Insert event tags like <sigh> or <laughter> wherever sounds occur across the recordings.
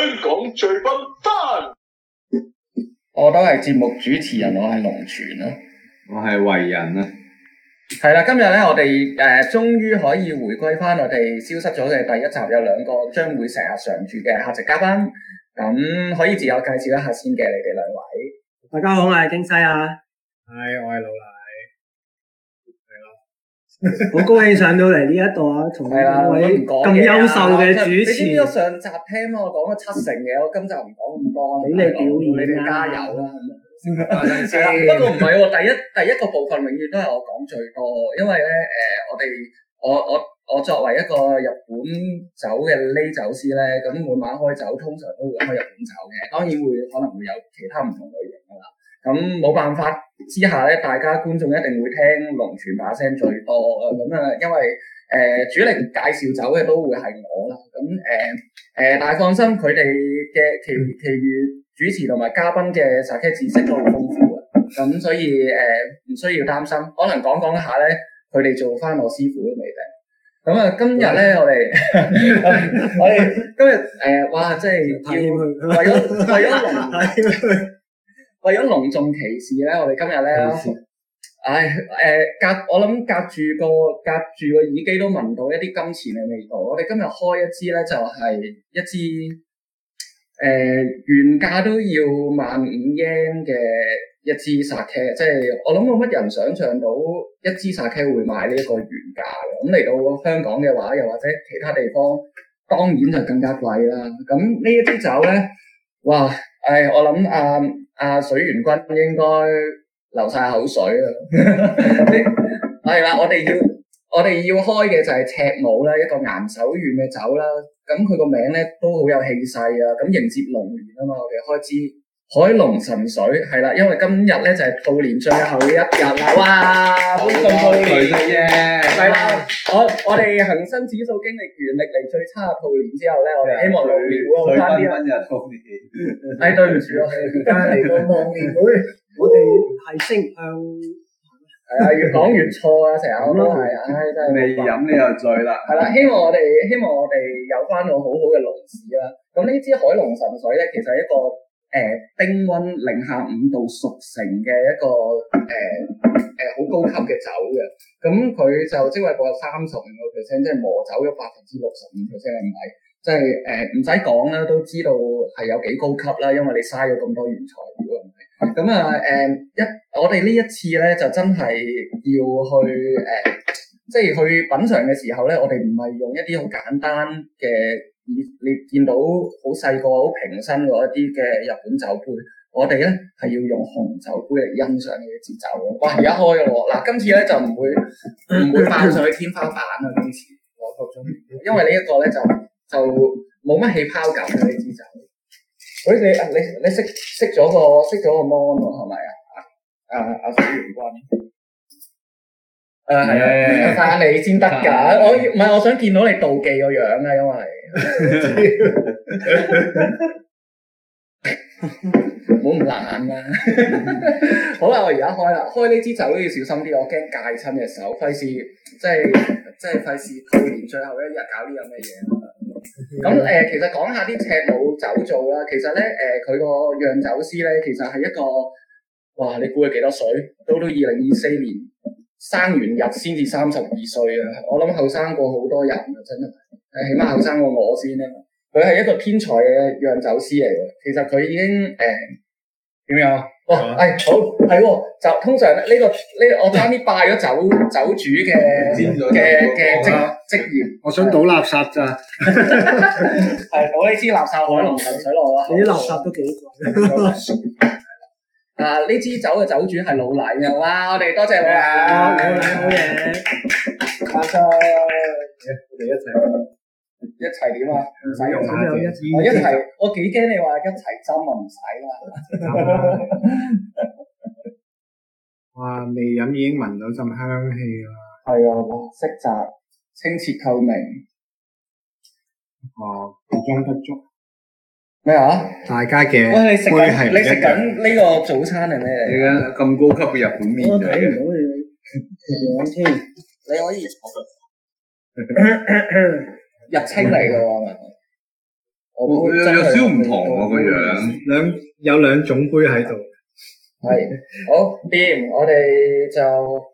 香港最笨單，我都係節目主持人，我係龍泉啊，我係偉人啊，係啦，今日咧我哋誒、呃、終於可以回歸翻我哋消失咗嘅第一集，有兩個將會成日常、常住嘅客席嘉賓，咁可以自我介紹一下先嘅，你哋兩位。大家好，我係京西啊，係、哎、我係老衲。好高興上到嚟呢一度啊，同你我各位咁優秀嘅主持。我上集聽我講咗七成嘢，我今集唔講咁多。你哋表演啦，你哋加油啦。係啦，不過唔係喎，第一第一個部分永遠都係我講最多，因為咧，誒，我哋我我我作為一個日本酒嘅呢酒師咧，咁每晚開酒通常都會開日本酒嘅，當然會可能會有其他唔同類型嘅啦。咁冇辦法之下咧，大家觀眾一定會聽龍泉把聲最多啊！咁啊，因為誒、呃、主力介紹酒嘅都會係我啦。咁誒誒，但係、呃、放心，佢哋嘅其其，其餘主持同埋嘉賓嘅 Sake 知識都好豐富啊！咁所以誒，唔、呃、需要擔心。可能講講一下咧，佢哋做翻我師傅都未定。咁啊， <laughs> 我們 <laughs> 今日咧，我哋我哋今日誒，哇！即係要為咗為咗龍。 <laughs> 為咗隆重其事咧，我哋今日咧，唉誒事、哎呃、隔我諗隔住個隔住個耳機都聞到一啲金錢嘅味道。我哋今日開一支咧，就係、是、一支誒、呃、原價都要萬五日圓嘅一支 Sake，即係我諗冇乜人想像到一支 Sake 會賣呢個原價。咁嚟到香港嘅話，又或者其他地方，當然就更加貴啦。咁呢一支酒咧，哇！誒、哎、我諗啊～阿、啊、水源君應該流晒口水啦，係 <laughs> 啦， <laughs> 我哋要我哋要開嘅就係赤武啦，一個岩手縣嘅酒啦，咁佢個名咧都好有氣勢啊，咁迎接龍年啊嘛，我哋開支，海龍神水係啦，因為今日咧就係兔年最後一日啦，哇！好開心，好開心嘅，係啦吧哇。我我哋恒生指數經歷完歷嚟最差嘅兔年之後咧，我哋希望龍年啊，好差啲啊。 <laughs> 對, <laughs> 越越對，對唔住我哋，家嚟都望年會。我哋係升，誒，係越講越錯啊，成日都係啊，真係。你飲你就醉啦，係 <laughs> 啦。希望我哋，希望我哋有翻個好好嘅龍市啦。咁呢支海龍神水咧，其實係一個。誒，冰溫、呃、零下五度熟成嘅一個誒誒，好、呃呃呃、高級嘅酒嘅，咁、嗯、佢就即係話三十五個 percent，即係磨走咗百分之六十五 percent 係咪？即係誒，唔使講啦，都知道係有幾高級啦，因為你嘥咗咁多原材料係咪？咁、嗯、啊，誒、嗯呃、一，我哋呢一次咧就真係要去誒、呃，即係去品嘗嘅時候咧，我哋唔係用一啲好簡單嘅。你你見到好細個、好平身嗰一啲嘅日本酒杯，我哋咧係要用紅酒杯嚟欣賞呢支酒。我而家開咗喎，嗱今次咧就唔會唔 <laughs> 會放上去天花板啊！今次我個樽，因為呢一個咧就就冇乜氣泡感嘅呢支酒。誒、哎、你啊你你識識咗個識咗個 mon 係咪啊？啊啊水原君。啊啊啊啊啊啊啊誒，係啊，睇下你先得噶，我唔係我，我想見到你妒忌個樣啊，因為，唔好咁懶啦。好啦，我而家開啦，開呢支酒都要小心啲，我驚戒親隻手，費事即係即係費事，去年最後一日搞呢咁嘅嘢。咁誒 Yeah.、呃，其實講下啲赤武酒造啦，其實咧誒，佢個釀酒師咧，其實係一個哇，你估佢幾多歲？到到二零二四年。生完日先至三十二歲啊！我諗後生過好多人啊，真係，誒起碼後生過我先咧。佢係一個天才嘅釀酒師嚟嘅，其實佢已經誒點、欸、樣？哦，係好係喎，就通常呢、這個呢、這個、我差啲拜咗酒酒主嘅嘅嘅職職業，我想倒垃圾咋？係 <laughs> <laughs> 倒呢支垃圾海龍神水落啊！你垃圾都幾 <laughs> 啊！呢支酒嘅酒主係老黎，哇！我哋多謝老黎，老好嘢！阿叔，我哋一齊，一齊點啊？唔使用打我一齊，我幾驚你話一齊斟啊？唔使啦嘛，哇！未飲已經聞到陣香氣啦，係啊，色澤清澈透明，哦，裝得足。咩啊？大家嘅杯係，你食緊呢個早餐係咩嚟？依家咁高級嘅日本麵，我睇唔到你樣添。你可以坐日清嚟嘅喎，有有少唔同喎個樣，兩有兩種杯喺度。係好，掂，我哋就。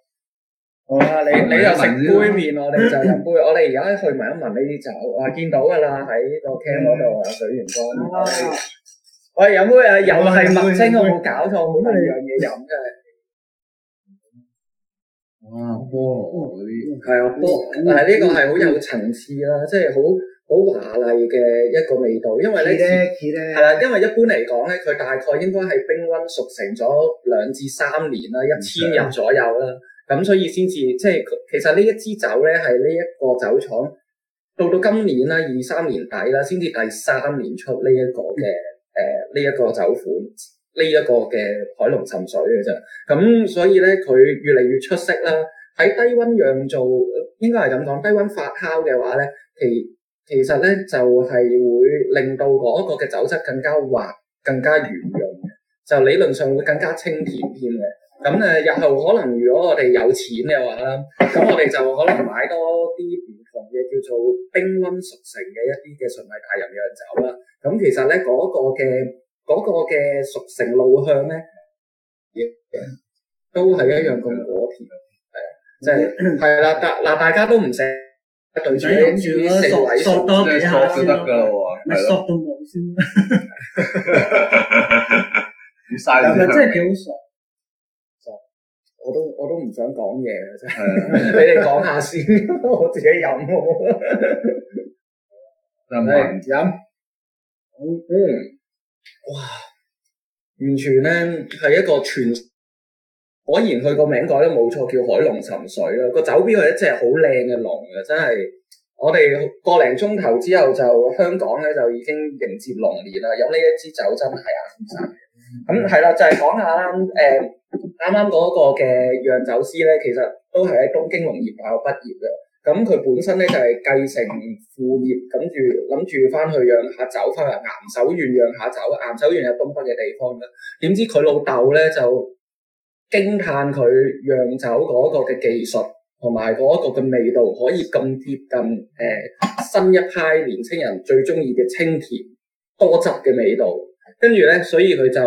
好啊！你你又食杯麵，我哋就飲杯。嗯、我哋而家去聞一聞呢啲酒，啊見到噶啦喺個 cam 嗰度啊，水源我哋飲杯啊？又係文精，我冇搞錯，好味。有嘢飲嘅。係。哇！菠蘿嗰啲係啊，但啊，呢個係好有層次啦，即係好好華麗嘅一個味道。係咧，係啦，因為一般嚟講咧，佢大概應該係冰溫熟成咗兩至三年啦，一千日左右啦。咁所以先至即係，其實呢一支酒咧，係呢一個酒廠到到今年啦，二三年底啦，先至第三年出呢一個嘅誒呢一個酒款，呢一個嘅海龍神水嘅啫。咁所以咧，佢越嚟越出色啦。喺低溫釀造，應該係咁講，低溫發酵嘅話咧，其其實咧就係會令到嗰一個嘅酒質更加滑，更加圓潤，就理論上會更加清甜啲嘅。咁咧，日後可能如果我哋有錢嘅話，咁我哋就可能買多啲唔同嘅叫做冰溫熟成嘅一啲嘅純米大吟釀酒啦。咁其實咧，嗰、嗰個嘅嗰、嗰個嘅熟成路向咧，都係一樣咁果甜嘅，係啊，即係係啦，嗱，大家都唔捨對住啲四位索多係索都得噶喎，咪索先，好真係幾好索。我都我都唔想講嘢啦，真係俾你講下先說說， <laughs> 我自己飲，就唔話人飲。嗯哇！完全咧係一個全，果然佢個名改得冇錯，叫海龍沉水啦。個酒標係一隻好靚嘅龍啊，真係我哋個零鐘頭之後就香港咧就已經迎接龍年啦。飲呢一支酒真係先生。 <laughs> 咁係啦，就係、是、講下誒，啱啱嗰個嘅釀酒師咧，其實都係喺東京農業大學畢業嘅。咁佢本身咧就係、是、繼承父業，跟住諗住翻去釀下酒，翻去岩手縣釀下酒。岩手縣係東北嘅地方啦。點知佢老豆咧就驚嘆佢釀酒嗰個嘅技術同埋嗰個嘅味道，可以咁貼近誒、呃、新一派年青人最中意嘅清甜多汁嘅味道。跟住咧，所以佢就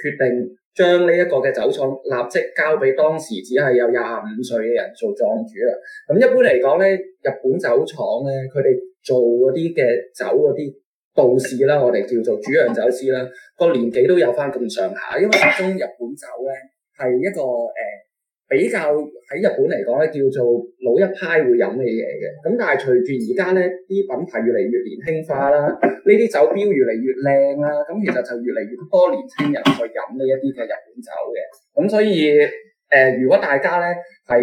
決定將呢一個嘅酒廠立即交俾當時只係有廿五歲嘅人做莊主啦。咁一般嚟講咧，日本酒廠咧，佢哋做嗰啲嘅酒嗰啲道士啦，我哋叫做主釀酒師啦，個年紀都有返咁上下，因為始終日本酒咧係一個誒。呃比較喺日本嚟講咧，叫做老一派會飲嘅嘢嘅，咁但係隨住而家咧啲品牌越嚟越年輕化啦，呢啲酒標越嚟越靚啦，咁其實就越嚟越多年輕人去飲呢一啲嘅日本酒嘅，咁所以誒、呃，如果大家咧喺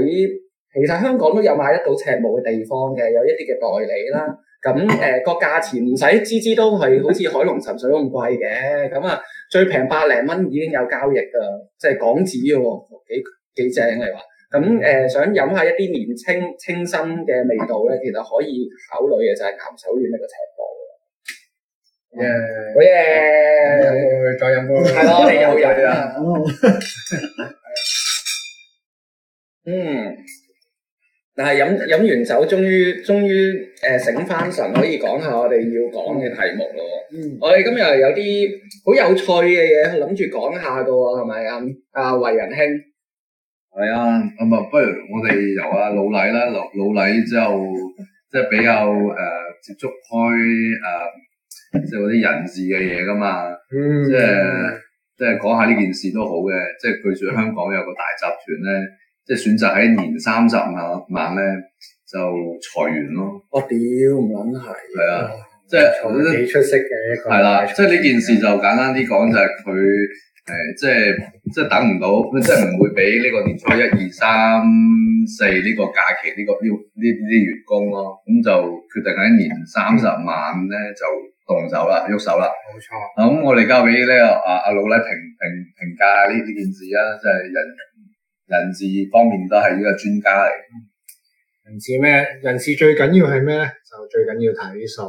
其實香港都有買得到赤武嘅地方嘅，有一啲嘅代理啦，咁誒個價錢唔使支支都係好似海龍神水咁貴嘅，咁啊最平百零蚊已經有交易㗎，即係港紙嘅喎，幾正係嘛？咁誒、呃，想飲下一啲年青清，清新嘅味道咧，其實可以考慮嘅就係鹹手軟呢個尺度，啦。好耶！再飲個，係咯，你、 <laughs> 啊、又飲 <laughs> <laughs> 啊！嗯，但係飲飲完酒，終於終於誒醒翻神，可以講下我哋要講嘅題目咯。嗯，mm. 我哋今日有啲好有趣嘅嘢諗住講下㗎喎，係咪啊，啊，啊？啊，為人兄。係啊，咁啊，不如我哋由阿老李啦，老老李之後即係比較誒、呃、接觸開誒、呃、即係嗰啲人事嘅嘢噶嘛，嗯、即係即係講下呢件事都好嘅，即係據說香港有個大集團咧，即係選擇喺年三十晚晚咧就裁員咯。我屌、哦，唔撚係，係啊，即係都幾出色嘅，係啦、啊，即係呢件事就簡單啲講就係佢。誒、呃，即係即係等唔到，即係唔會俾呢個年初一二三四呢個假期呢、呢個標呢呢啲員工咯，咁就決定喺年三十晚咧就動手啦，喐手啦。冇錯錯。咁、啊、我哋交俾、這個啊、呢個阿阿老咧評評評價呢呢件事啊，即係人人事方面都係呢個專家嚟。人事咩？人事最緊要係咩咧？就最緊要睇數。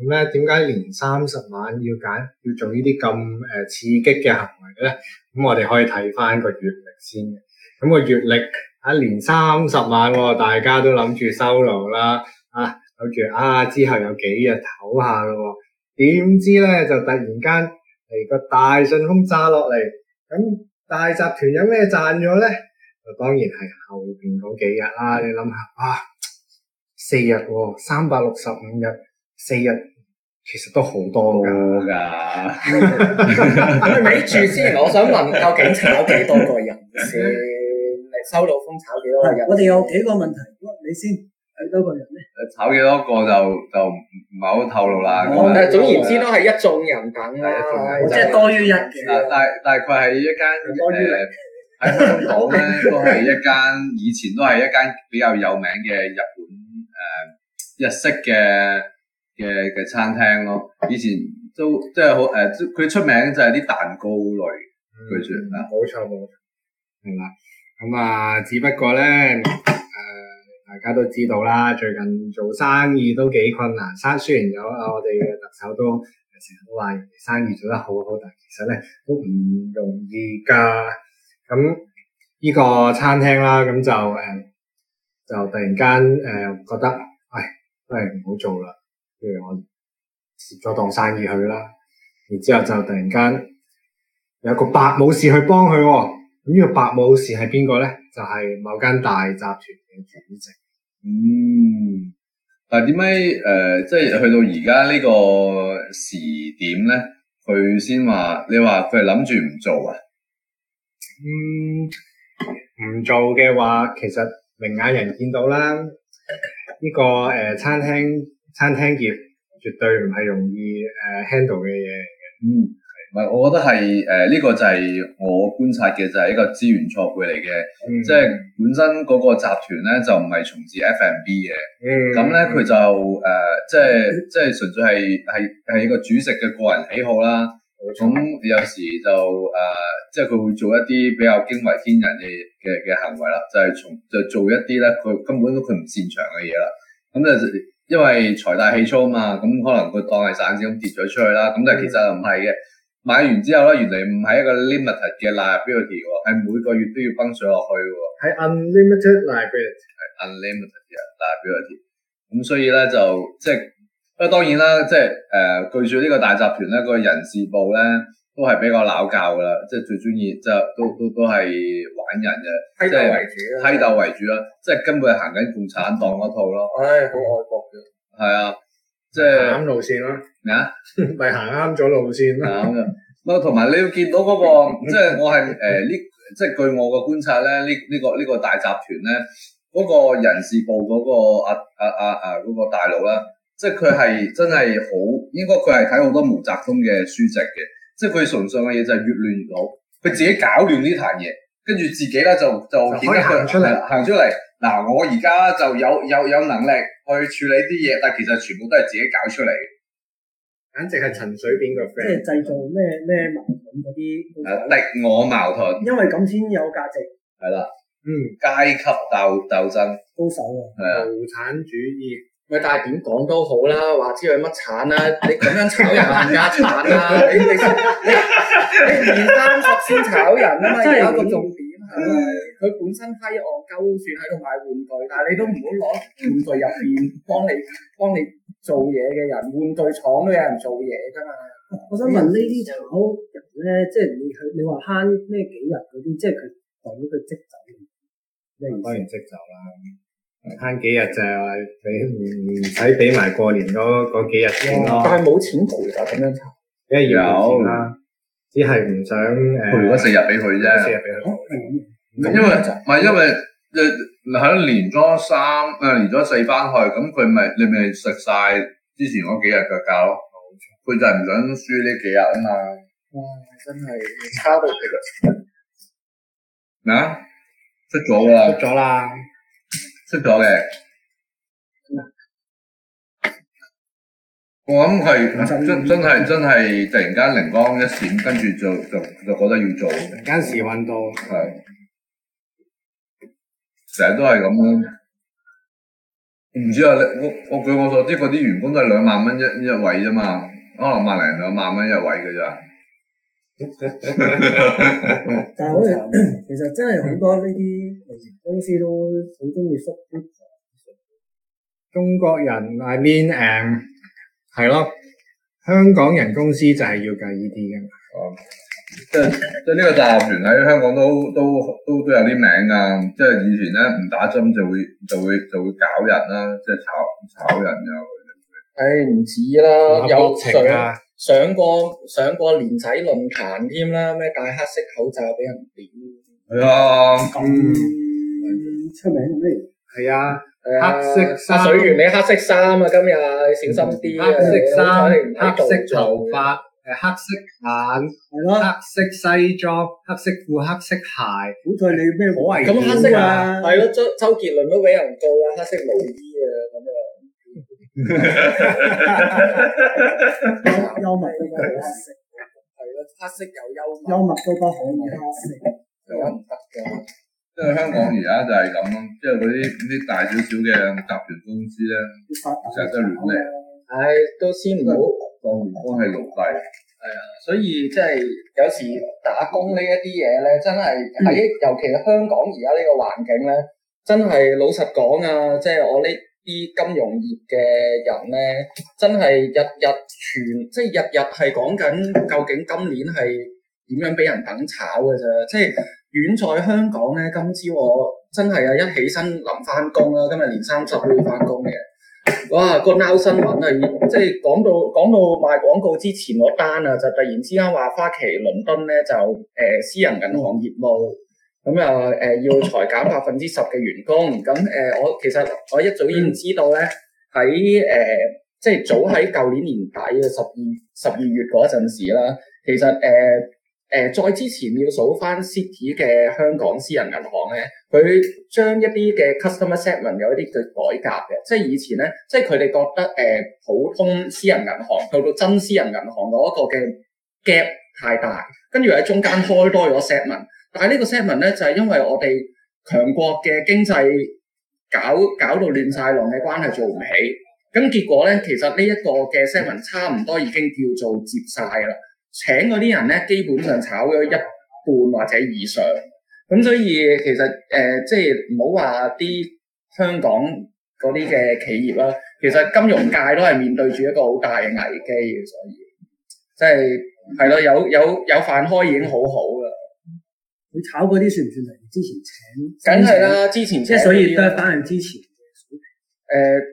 咁咧，點解年三十晚要揀要做呢啲咁誒刺激嘅行為咧？咁我哋可以睇翻、那個月曆先嘅。咁個月曆，啊年三十晚喎，大家都諗住收爐啦，啊諗住啊之後有幾日唞下嘅喎，點知咧就突然間嚟個大信號炸落嚟，咁大集團有咩賺咗咧？就當然係後邊嗰幾日啦。你諗下啊，四日喎、啊，三百六十五日，四日。其實都好多噶，你住之前我想問，究竟炒幾多個人先？ <laughs> 收到風炒幾多個人？人？我哋有幾個問題，你先，幾多個人咧？炒幾多個就就唔係好透露啦。咁、哦、總言之都係一眾人等啦，即係多於一件，大大概係一間誒，喺香港咧都係一間， <laughs> 以前都係一間比較有名嘅日本誒、呃、日式嘅。嘅嘅餐廳咯，以前都即係好誒，佢出名就係啲蛋糕類，佢算啦，冇錯冇錯，係啦。咁啊，只不過咧誒、呃，大家都知道啦，最近做生意都幾困難。雖雖然有啊，我哋嘅特首都成日都話人哋生意做得好好，但其實咧都唔容易㗎。咁呢個餐廳啦，咁就誒、呃、就突然間誒、呃、覺得，唉，都係唔好做啦。譬如我接咗檔生意去啦，然之後就突然間有個白武士去幫佢喎。咁、這、呢個白武士係邊個咧？就係、是、某間大集團嘅主席。嗯，但係點解誒，即係去到而家呢個時點咧，佢先話你話佢係諗住唔做啊？嗯，唔做嘅話，其實明眼人見到啦，呢、這個誒、呃、餐廳。餐廳業絕對唔係容易誒 handle 嘅嘢嚟嘅。嗯，係，我覺得係誒呢個就係我觀察嘅就係一個資源錯配嚟嘅。即係本身嗰個集團咧就唔係從事 F&B 嘅。嗯。咁咧佢就誒即係即係純粹係係係一個主席嘅個人喜好啦。咁有時就誒、呃、即係佢會做一啲比較驚為天人嘅嘅嘅行為啦，就係、是、從就做一啲咧佢根本都佢唔擅長嘅嘢啦。咁咧。因為財大氣粗啊嘛，咁可能佢當係散紙咁跌咗出去啦，咁但係其實又唔係嘅，買完之後咧，原嚟唔係一個 limited 嘅 liability 喎，係每個月都要泵水落去喎。係 unlimited liability，係 unlimited liability。咁、嗯、所以咧就即係，不過當然啦，即係誒、呃，據住呢個大集團咧，個人事部咧。都係比較撈教噶啦，即係最中意，即都都都係玩人嘅，批鬥為，為主批鬥為主啦，的即係根本係行緊共產黨嗰套咯。唉、哎，好愛國嘅。係啊，即係行啱路線啦。咩啊？咪行啱咗路線咯、啊。咁樣，不過同埋你要見到嗰、那個，即、就、係、是、我係誒、呃、呢，即係據我嘅觀察咧，呢、這、呢個呢、這個大集團咧，嗰、那個人事部嗰個啊啊啊，阿嗰個大佬啦，即係佢係真係好，應該佢係睇好多毛澤東嘅書籍嘅。即係佢純粹嘅嘢就係越亂越好，佢自己搞亂呢壇嘢，跟住自己咧就就顯得出嚟，行出嚟嗱，我而家就有有有能力去處理啲嘢，但其實全部都係自己搞出嚟，簡直係陳水扁個 friend。即係製造咩咩矛盾嗰啲，誒，敵我矛盾。因為咁先有價值。係啦。嗯。階級鬥鬥爭。高手啊！無產主義。咪但係點講都好啦，話知佢乜慘啦？ <laughs> 你咁樣炒人更加慘啦、啊！你你你唔單獨先炒人啊嘛？真係一個重點係佢、嗯、本身批戇鳩，算喺度賣玩具，但係你都唔好攞玩具入邊幫你幫你做嘢嘅人，玩具廠都有人做嘢㗎嘛。我想問呢啲、嗯、炒人咧，即、就、係、是、你佢你話慳咩幾日嗰啲，即係佢就呢、是、個即走。當然即走啦。慳幾日就係話俾唔唔使俾埋過年嗰嗰幾日先，但係冇錢賠啊，咁樣就一樣啦，只係唔想誒，佢如果四日俾佢啫，四日俾佢，因為唔係因為誒喺連咗三誒、啊、連咗四番去，咁佢咪你咪食晒之前嗰幾日嘅價咯，佢、嗯、就係唔想輸呢幾日啊嘛，哇真係差到極啦，啊出咗啦？出咗啦？識咗嘅，嗯、我諗係真真係真係突然間靈光一閃，跟住就就就就覺得要做。間時運到，係，成日都係咁樣。唔、嗯、知啊，你我我據我所知，嗰啲員工都係兩萬蚊一一位啫嘛，可能萬零兩萬蚊一位㗎咋。 <laughs> 但係好似像 <coughs> 其實真係好多呢啲公司都好中意縮啲。中國人外面 e a 誒係咯，香港人公司就係要計呢啲嘅。哦、 <laughs> 嗯，即係即係呢個集團喺香港都都都都有啲名噶、啊，即係以前咧唔打針就會就會就會搞人、啊就是人啊哎、啦，即係炒炒人又。誒，唔止啦，有情水 啊。上過上過年仔論壇添啦，咩戴黑色口罩俾人點？係啊，咁出名咩？係啊，黑色衫、水原你黑色衫啊，今日小心啲黑色衫、黑色頭髮、誒黑色眼，係咯，黑色西裝、黑色褲、黑色鞋，估佢你咩？咁黑色啊？係咯，周周杰倫都俾人告啊。黑色毛衣啊咁樣。幽默都好色，係啊、hmm，黑色又幽默，幽默都不可。黑色又唔得嘅，即係香港而家就係咁咯，即係嗰啲啲大少少嘅集團公司咧，成日都亂嚟。唉，都先唔到當員工係奴隸。係啊，所以即係、就是、有時打工呢一啲嘢咧，真係喺，尤其係香港而家呢個環境咧，真係老實講啊，即係我呢。啲金融業嘅人咧，真係日日傳，即係日日係講緊究竟今年係點樣俾人等炒嘅啫。即係遠在香港咧，今朝我真係啊，一起身諗翻工啦，今日年三十都要翻工嘅。哇，這個 Now 新聞啊，即係講到講到賣廣告之前嗰單啊，就突然之間話花旗倫敦咧就誒、呃、私人銀行業務。咁又誒要裁減百分之十嘅員工，咁誒我其實我一早已經知道咧，喺誒、呃、即係早喺舊年年底嘅十二十二月嗰陣時啦。其實誒誒、呃呃、再之前要數返 City 嘅香港私人銀行咧，佢將一啲嘅 customer segment 有一啲嘅改革嘅，即係以前咧，即係佢哋覺得誒、呃、普通私人銀行到到真私人銀行嗰個嘅 gap 太大，跟住喺中間開多咗 segment。但係呢個 seven 咧，就係、是、因為我哋強國嘅經濟搞搞到亂晒，龍嘅關係做唔起。咁結果咧，其實呢一個嘅 seven 差唔多已經叫做接晒啦。請嗰啲人咧，基本上炒咗一半或者以上。咁所以其實誒即係唔好話啲香港嗰啲嘅企業啦，其實金融界都係面對住一個好大嘅危機嘅，所以即、就、係、是，係咯，有有有飯開已經好好。你炒嗰啲算唔算係之前請？梗係啦，之前即係所以都反映之前嘅水平。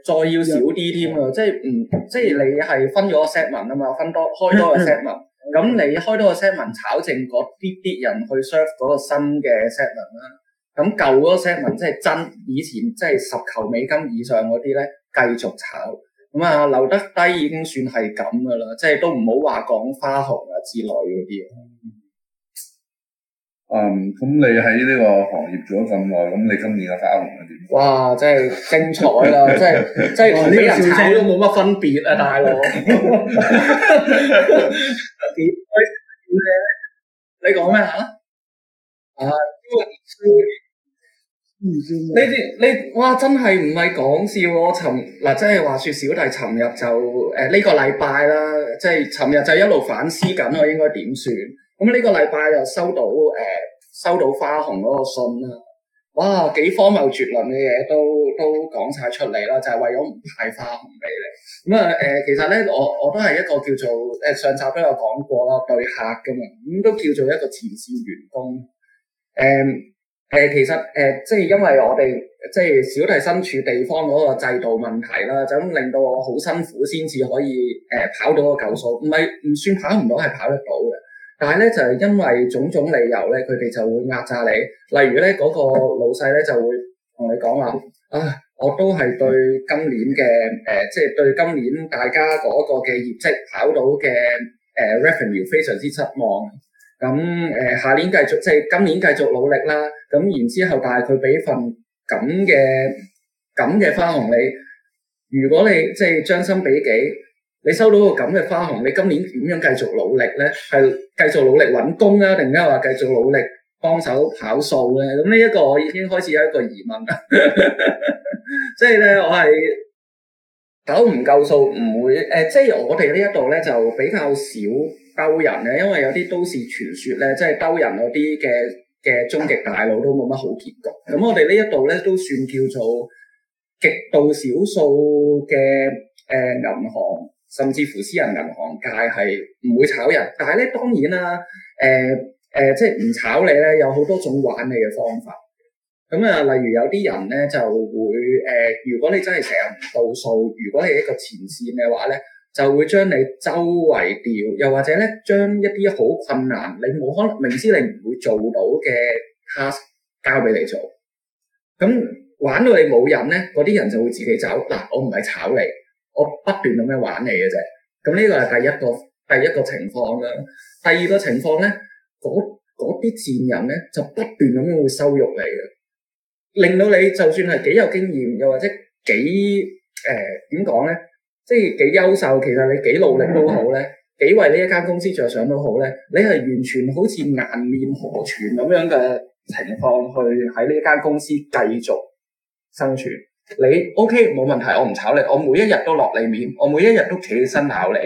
再要少啲添啊！即係唔即係你係分咗個 set 文啊嘛，分多開多個 set 文，嗯。咁、嗯、你開多個 set 文炒剩嗰啲啲人去 serve 嗰個新嘅 set 文啦。咁舊嗰 set 文即係真以前即係十球美金以上嗰啲咧，繼續炒。咁啊，留得低已經算係咁噶啦，即係都唔好話講花紅啊之類嗰啲，嗯嗯，咁你喺呢個行業做咗咁耐，咁你今年嘅花紅係點？哇，真係精彩啦！真係真係同啲人差都冇乜分別啊，大佬。點？點嘅咧？你講咩吓？啊！你唔笑？你你哇，真係唔係講笑啊！尋嗱，即係話說，小弟尋日就誒呢，呃這個禮拜啦，即係尋日就一路反思緊，我應該點算？咁呢個禮拜又收到誒、呃，收到花紅嗰個信啦，哇，幾荒謬絕倫嘅嘢都都講晒出嚟啦，就係、是、為咗唔派花紅俾你咁啊。誒、嗯呃，其實呢，我我都係一個叫做誒，上集都有講過啦，對客嘅嘛，咁、嗯、都叫做一個前線員工。誒、嗯、誒、呃，其實誒、呃，即係因為我哋即係小弟身處地方嗰個制度問題啦，咁、就是、令到我好辛苦先至可以誒、呃、跑到個舊數，唔係唔算跑唔到，係跑得到嘅。但係咧，就係、是、因為種種理由咧，佢哋就會壓榨你。例如咧，嗰、那個老細咧就會同你講話，啊，我都係對今年嘅誒，即、呃、係、就是、對今年大家嗰個嘅業績考到嘅誒、呃、revenue 非常之失望。咁誒，下、呃、年繼續即係、就是、今年繼續努力啦。咁然之後但，但係佢俾份咁嘅咁嘅花紅你，如果你即係將心比己。你收到個咁嘅花紅，你今年點樣繼續努力咧？係繼續努力揾工啊，定係話繼續努力幫手跑數咧？咁呢一個我已經開始有一個疑問喇，即係咧我係搞唔夠數唔會誒，即係我哋呢一度咧就比較少兜人咧，因為有啲都市傳説咧，即係兜人嗰啲嘅嘅終極大佬都冇乜好結局。咁我哋呢一度咧都算叫做極度少數嘅誒銀行。甚至乎私人銀行界係唔會炒人，但係咧當然啦，誒、呃、誒、呃，即係唔炒你咧，有好多種玩你嘅方法。咁啊，例如有啲人咧就會誒、呃，如果你真係成日唔到數，如果你係一個前線嘅話咧，就會將你周圍調，又或者咧將一啲好困難、你冇可能明知你唔會做到嘅 task 交俾你做。咁玩到你冇癮咧，嗰啲人就會自己走。嗱、啊，我唔係炒你。我不斷咁樣玩你嘅啫，咁呢個係第一個第一個情況啦。第二個情況呢，嗰啲賤人呢，就不斷咁樣會羞辱你嘅，令到你就算係幾有經驗，又或者幾誒點講呢，即係幾優秀，其實你幾努力都好呢，幾、嗯、為呢一間公司着想都好呢，你係完全好似顏面何存咁樣嘅情況去喺呢一間公司繼續生存。你 OK 冇問題，我唔炒你，我每一日都落你面，我每一日都企起身炒你。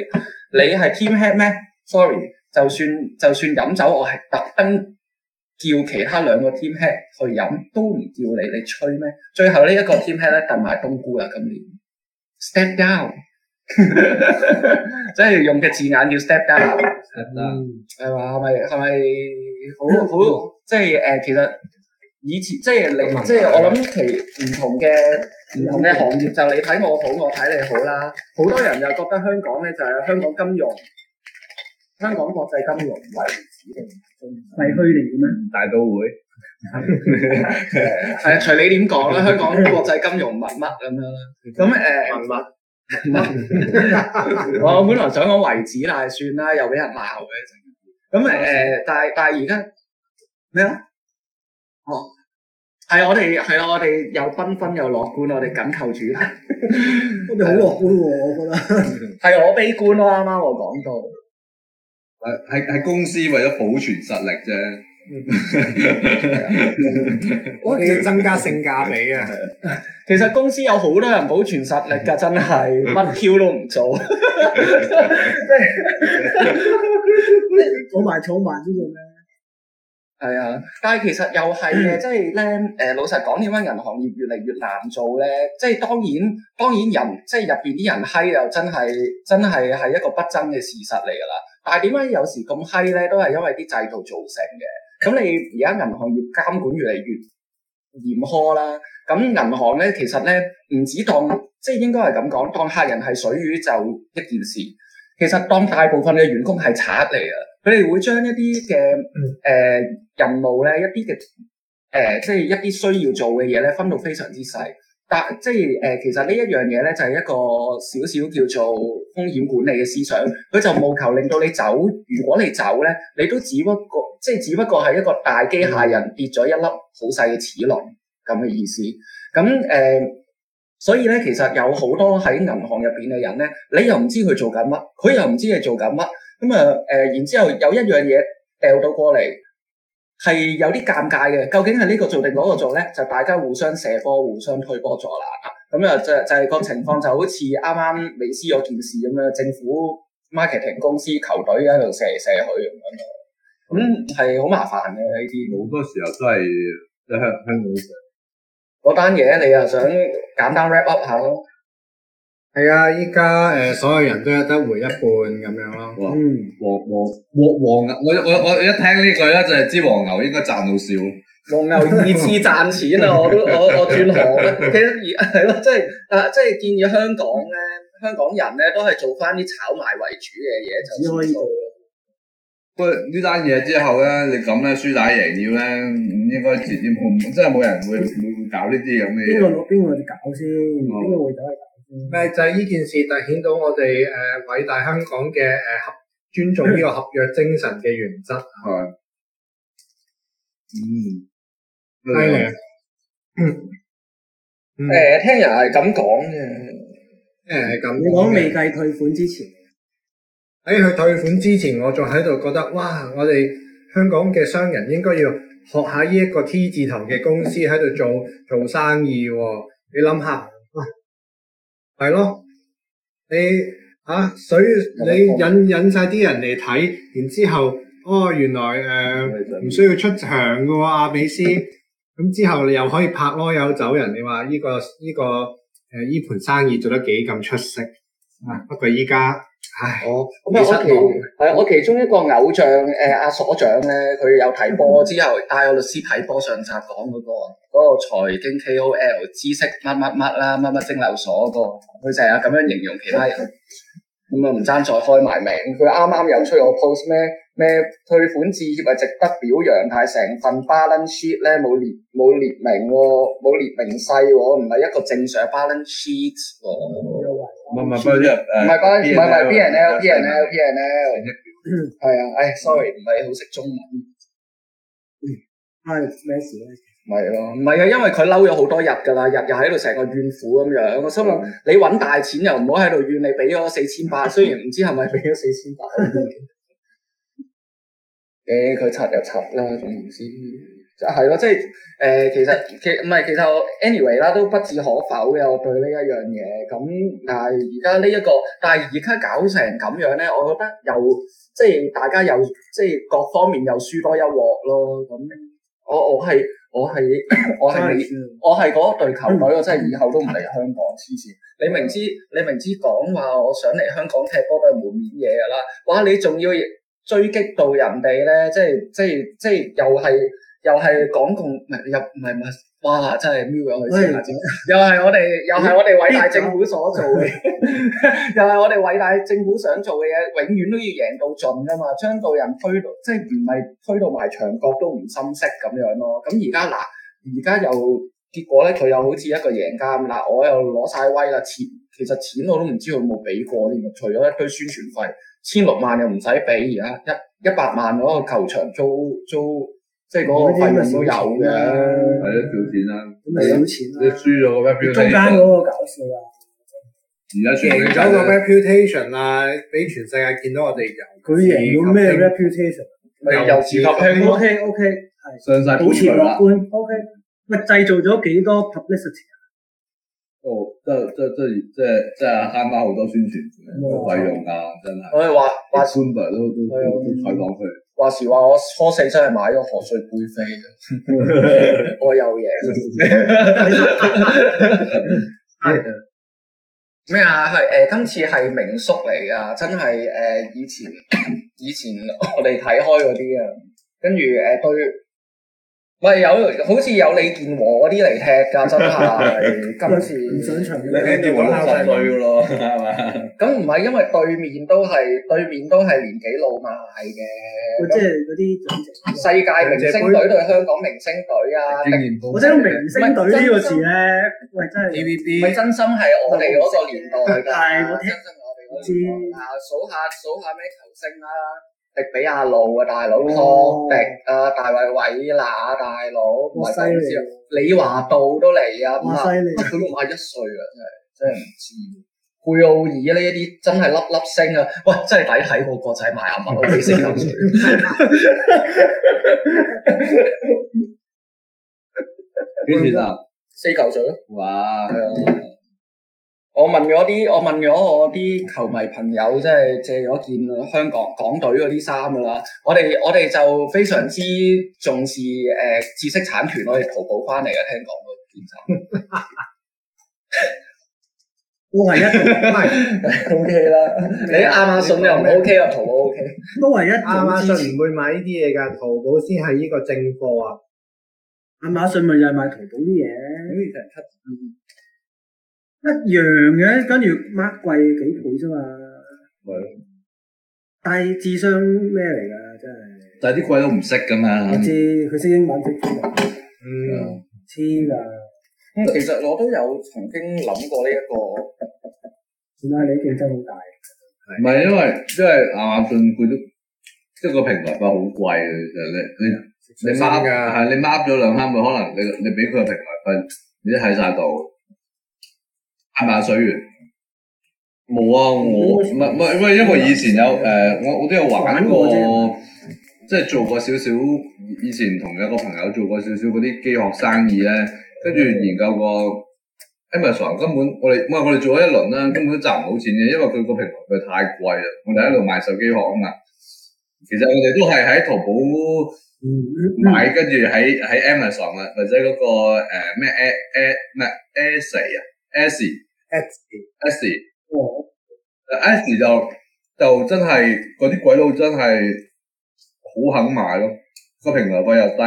你係 team head 咩？Sorry，就算就算飲酒，我係特登叫其他兩個 team head 去飲，都唔叫你，你吹咩？最後呢一個 team head 咧，燉埋冬菇啦今年 step down，即係用嘅字眼叫 step down，step down 係嘛 Step down.、嗯？係咪係咪好好？即係誒，其實。以前即係你，即係我諗其唔同嘅唔同嘅行業就你睇我好，我睇你好啦。好多人又覺得香港咧就係香港金融，香港國際金融遺址嚟，廢墟嚟嘅咩？大都會係啊，隨你點講啦，香港國際金融文物咁樣啦。咁誒，文物，我本來想講遺址，但係算啦，又俾人鬧嘅。咁誒，但係但係而家咩啊？係、哦，我哋係啊！我哋又繽紛又樂觀，我哋緊扣主題。 <laughs> 我哋好樂觀，我覺得係 <laughs> 我悲觀咯。啱啱我講到，係係公司為咗保存實力啫。我 <laughs> 哋 <laughs> 增加性價比啊！ <laughs> 其實公司有好多人保存實力噶，真係乜 Q 都唔做。即 <laughs> 係， <laughs> 籌碼籌碼，做咩？係啊，但係其實又係嘅，即係咧，誒、呃，老實講，點解銀行業越嚟越難做咧。即係當然，當然人，即係入邊啲人，嗨又真係真係係一個不爭嘅事實嚟噶啦。但係點解有時咁嗨咧，都係因為啲制度造成嘅。咁你而家銀行業監管越嚟越嚴苛啦。咁銀行咧，其實咧唔止當，即係應該係咁講，當客人係水魚就一件事，其實當大部分嘅員工係賊嚟啊。佢哋會將一啲嘅誒任務咧，一啲嘅誒，即係一啲需要做嘅嘢咧，分到非常之細。但即係誒、呃，其實呢一樣嘢咧，就係、是、一個少少叫做風險管理嘅思想。佢就務求令到你走，如果你走咧，你都只不過即係只不過係一個大機械人跌咗一粒好細嘅齒輪咁嘅意思。咁誒、呃，所以咧，其實有好多喺銀行入邊嘅人咧，你又唔知佢做緊乜，佢又唔知你做緊乜。咁啊，誒、呃、然之後有一樣嘢掉到過嚟，係有啲尷尬嘅。究竟係呢個做定嗰個做咧？就大家互相射波、互相推波助瀾。咁啊，就就係、是、個情況就好似啱啱美斯有件事咁樣，政府 marketing 公司球隊、球隊喺度射嚟射去咁樣。咁係好麻煩嘅呢啲。好多時候都係香香港嘅。嗰單嘢你又想簡單 wrap up 下、啊？係啊，依家誒，所有人都有得回一半咁樣咯。嗯，黃黃黃黃牛，我我我一聽呢句咧就係知黃牛應該賺到少。黃牛二次賺錢啊！ <laughs> 我都我我轉行，其實係咯，即係啊，即係、啊、建議香港咧，嗯、香港人咧都係做翻啲炒賣為主嘅嘢就。只可以做。不過呢單嘢之後咧，你咁咧輸打贏要咧，應該自己冇，真係冇人會會搞呢啲咁嘅嘢。邊個攞？邊個搞先？邊個會搞？咪、嗯嗯、就係呢件事，凸顯到我哋誒偉大香港嘅誒合尊重呢個合約精神嘅原則，係嗯，係嘅。誒，聽人係咁講嘅。誒，咁你講未計退款之前，喺佢、哎、退款之前，我仲喺度覺得，哇！我哋香港嘅商人應該要學下呢一個 T 字頭嘅公司喺度做做生意、哦。你諗下。係咯，你吓、啊、水，你引引晒啲人嚟睇，然之後，哦，原來誒唔、呃、 <noise> 需要出場嘅喎，阿、啊、美斯，咁之後你又可以拍咯，又走人、這個，你話呢個呢個誒呢盤生意做得幾咁出色啊？不過依家。唉，我咁啊，我其實我其中一個偶像誒，阿、呃、所長咧，佢有睇波之後帶我律師睇波，上集講嗰個，嗰、嗰個財經 K O L 知識乜乜乜啦，乜乜蒸餾所嗰、嗰個，佢成日咁樣形容其他人，咁啊唔爭再開埋名，佢啱啱又出我 post 咩？咩退款致歉係值得表揚，但係成份 balance sheet 咧冇列冇列明喎、哦，冇列明細喎，唔係一個正常 balance sheet 喎、哦。唔唔、嗯、不入誒，唔係不唔係唔係 B&L B&L B&L 係啊，誒 sorry 唔係好識中文，係咩 <laughs> 事咧？唔係啊，唔係啊，因為佢嬲咗好多日㗎啦，日日喺度成個怨婦咁樣。我心諗你揾大錢又唔好喺度怨，你俾咗四千八，雖然唔知係咪俾咗四千八。誒，佢拆、欸、就拆啦，總言之，即係咯，即係誒，其實其唔係，其實 anyway 啦，都不置可否嘅。我對呢一樣嘢，咁但係而家呢一個，但係而家搞成咁樣咧，我覺得又即係大家又即係各方面又輸多一鑊咯。咁我我係我係我係我係嗰隊球隊，我真係以後都唔嚟香港黐線。。 <coughs> 你明知你明知講話我想嚟香港踢波都係門面嘢噶啦，哇！你仲要，要？追擊到人哋咧，即係即係即係又係又係港共唔係又唔係乜哇！真係瞄咗佢先，又係我哋又係我哋偉大政府所做嘅， <laughs> <laughs> 又係我哋偉大政府想做嘅嘢，永遠都要贏到盡㗎嘛，將到人推到即係唔係推到埋牆角都唔心息咁樣咯。咁而家嗱，而家又結果咧，佢又好似一個贏家咁嗱，我又攞晒威啦，錢，其實錢我都唔知佢有冇俾過添，除咗一堆宣傳費。千六萬又唔使俾而家一一百萬嗰個球場租租即係嗰個費用都有嘅，係啦，少錢啦，咁咪少錢啦，你輸咗個 reputation 中間嗰個搞笑啊。而家贏咗個 reputation 啊，俾全世界見到我哋有。佢贏咗咩 reputation？又 OK OK 係，上晒好錢啦，OK，咪製造咗幾多 publicity？即即即即即慳翻好多宣傳費用㗎，真係。可以話話潘伯都都都採訪佢。話時話我初四真係買咗賀歲杯飛，我有 <laughs> 又贏、 <laughs> 嗯。咩啊？係、啊、誒，今次係名宿嚟㗎，真係誒、啊、以前以前我哋睇開嗰啲啊，跟住誒對。唔有，好似有李健和嗰啲嚟踢噶，真係今次準場表好衰噶咯，係嘛？咁唔係因為對面都係對面都係年紀老嘛，係嘅。即係嗰啲世界明星隊對香港明星隊啊！我聽明星隊呢個詞咧，喂真係，TVB，真心係我哋嗰個年代嘅。係，我真心係我哋嗰個年代。啊，數下數下咩球星啦～迪比阿路啊大佬，托迪、哦、啊大衛韋納啊大佬，哇犀利，李華道都嚟啊！哇犀利，不過都快一歲啦、啊， <laughs> 真係、啊、真係唔知，貝奧爾呢一啲真係粒粒星啊，喂真係抵睇過國際牌啊，我俾四嚿水，幾錢啊？四嚿水咯。哇！我問咗啲，我問咗我啲球迷朋友，即係借咗件香港港隊嗰啲衫噶啦。我哋我哋就非常之重視誒、呃、知識產權，我哋淘寶翻嚟嘅，聽講嗰件衫都係一，唔係 O K 啦。你亞馬遜又唔 O K 呀，淘寶 O K，都係一。亞馬遜唔會買呢啲嘢噶，淘寶先係呢個正貨啊。亞馬遜咪又係買淘寶啲嘢。因為七。一樣嘅，跟住 mark 貴幾倍啫的嘛。係、嗯。但係、嗯、智商咩嚟噶？真係。但係啲貴都唔識噶嘛。我知佢識英文，識英文。嗯。黐噶。咁其實我都有曾經諗過呢、這、一個。點解 <laughs> 你競爭好大？唔係因為，因為亞馬遜佢都即係個平台費好貴嘅，你你你 mark 係你 mark 咗兩三倍，可能你你俾佢個平台費，你都喺晒度。係咪、啊、水源冇啊！我唔係唔係，因為以前有誒、呃，我我都有玩過，即係做過少少。以前同有個朋友做過少少嗰啲機殼生意咧，跟住研究過 Amazon 根本我哋唔係我哋做咗一輪啦，根本都賺唔到錢嘅，因為佢個平台佢太貴啦。我哋喺度賣手機殼啊嘛，嗯、其實我哋都係喺淘寶買，跟住喺喺 Amazon 啊，或者嗰、那個誒咩、呃、A A 咩 A 四啊。Assy，assy，assy，assy 就就真係嗰啲鬼佬真係好肯買咯，個平台費又低，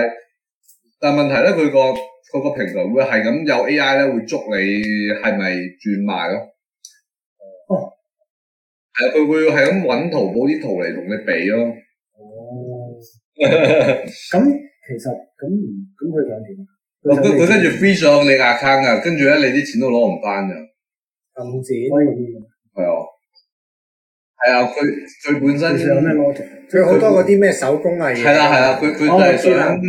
但係問題咧，佢個佢個平台會係咁有 AI 咧會捉你係咪轉賣咯，哦，係啊，佢會係咁揾淘寶啲圖嚟同你比咯，哦，咁其實咁咁佢想點啊？佢跟住飛上你 account 噶，跟住咧你啲錢都攞唔翻㗎。咁子？係啊，係啊，佢佢本身佢好多嗰啲咩手工藝嘢。係啦係啦，佢佢就係想幾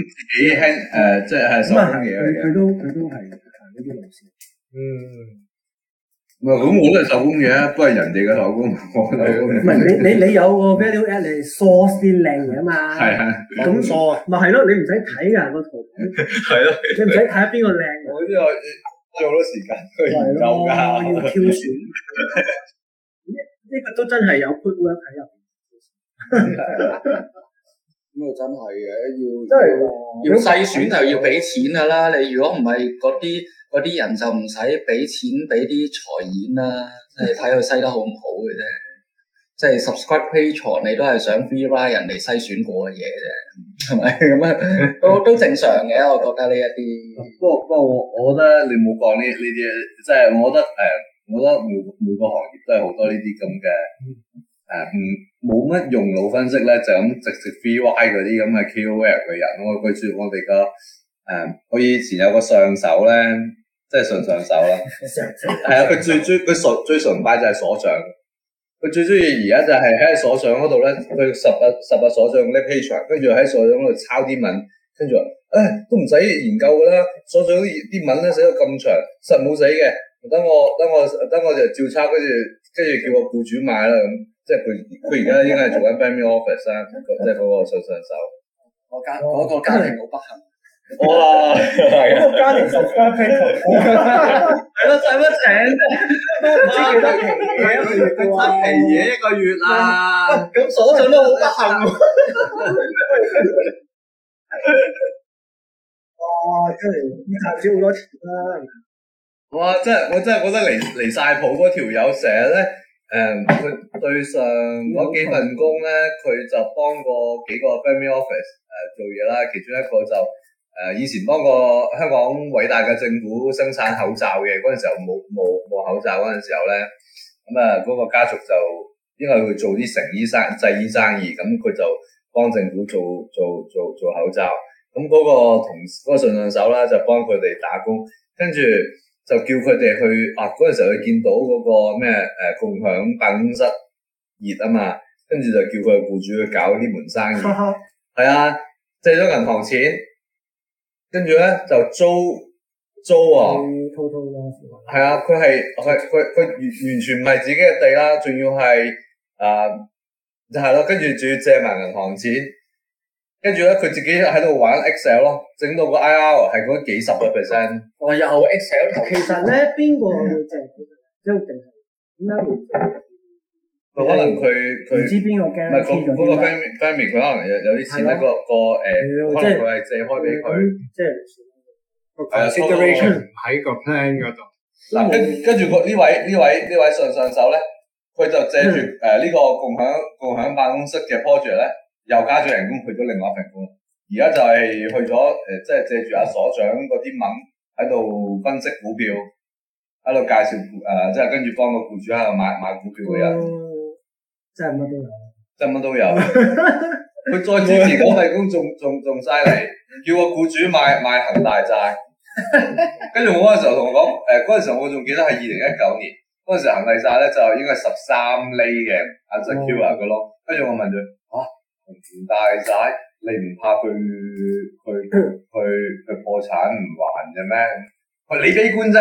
輕誒，即係、哦 uh, 手嘢佢。佢都佢都係行呢啲路線。嗯。咁我都係手工嘅，都係人哋嘅手工，我唔係你你你有個 video app 嚟篩先靚嘅嘛？係啊的，咁篩咪係咯，你唔使睇噶個圖片，係咯 <laughs> 的，你唔使睇邊個靚，我都有好多時間去，要挑選呢呢個都真係有功夫喺入咁真係嘅，要即係要篩選，就要俾錢噶啦。你如果唔係嗰啲啲人，就唔使俾錢俾啲財演啦，係睇佢篩得好唔好嘅啫。即係 subscribe Patreon，你都係想 v e like 人哋篩選過嘅嘢啫，係咪咁啊？ <laughs> 都都正常嘅，我覺得呢一啲。 <laughs> 不過不過，我我覺得你冇講呢呢啲，即、就、係、是、我覺得誒、呃，我覺得每每個行業都係好多呢啲咁嘅。 <laughs> 誒，唔冇乜用腦分析咧，就咁直接 feel 嗰啲咁嘅 KOL 嘅人。我據說我哋個誒，我以前有個上手咧，即係純上手啦，係啊 <laughs> 手，佢最追佢純最崇拜就係所長。佢最中意而家就係喺個所長嗰度咧，佢十八十八所長叻坯長，跟住喺所長嗰度抄啲文，跟住誒都唔使研究噶啦，所長啲文咧寫到咁長，實冇死嘅，等我等我等我就照抄，跟住跟住叫個雇主買啦咁。即係佢，佢而家應該係做緊 family office 啦、啊，即係嗰個上上手。我家我個家庭好不幸。哇！係啊，家庭成家悲慘，係咯，使乜請？哇！新奇嘢一個月啊，咁所想都好不幸。哇！真係要賺少好多錢啦。哇！真係我真係覺得離離曬譜嗰條友成日咧～誒，佢、嗯、對上嗰幾份工咧，佢就幫過幾個 family office 誒、呃、做嘢啦，其中一個就誒、呃、以前幫過香港偉大嘅政府生產口罩嘅，嗰、那、陣、個、時候冇冇冇口罩嗰陣時候咧，咁啊嗰個家族就因為佢做啲成衣生製衣生意，咁佢就幫政府做做做做口罩，咁、那、嗰個同嗰、那個順順手啦，就幫佢哋打工，跟住。就叫佢哋去啊！嗰陣時佢見到嗰、嗰個咩誒、啊、共享辦公室熱啊嘛，跟住就叫佢僱主去搞呢門生意。係 <laughs> 啊，借咗銀行錢，跟住咧就租租啊。係 <laughs> 啊，佢係佢佢佢完完全唔係自己嘅地啦，仲要係啊，就係咯，跟住仲要借埋銀行錢。跟住咧，佢自己喺度玩 Excel 咯，整到個 IR 係嗰幾十個 percent。又 Excel。其實咧，邊個借？即係定係點解？佢可能佢佢唔知邊個借。唔係嗰嗰個 family 佢可能有有啲錢喺個個誒，可能佢係借開俾佢，即係嗰係啊 situation 喺個 plan 嗰度。嗱，跟跟住個呢位呢位呢位上上手咧，佢就借住誒呢個共享共享辦公室嘅 project 咧。又加咗人工去咗另外一份工，而家就係去咗誒、呃，即係借住阿所長嗰啲文喺度分析股票，喺度介紹股、呃、即係跟住幫個僱主喺度買買，買股票嘅人，哦、真係乜都有，真係乜都有。佢再之前份工，仲仲仲犀利，叫個僱主買買恒大債，跟、嗯、住我嗰陣時候同我講誒，嗰、呃、陣時候我仲記得係二零一九年，嗰陣時候恒大債咧就應該係十三厘嘅，按十 cure 嘅咯。跟住我問佢。唔大仔，你唔怕佢佢佢佢破產唔還嘅咩？佢你悲觀啫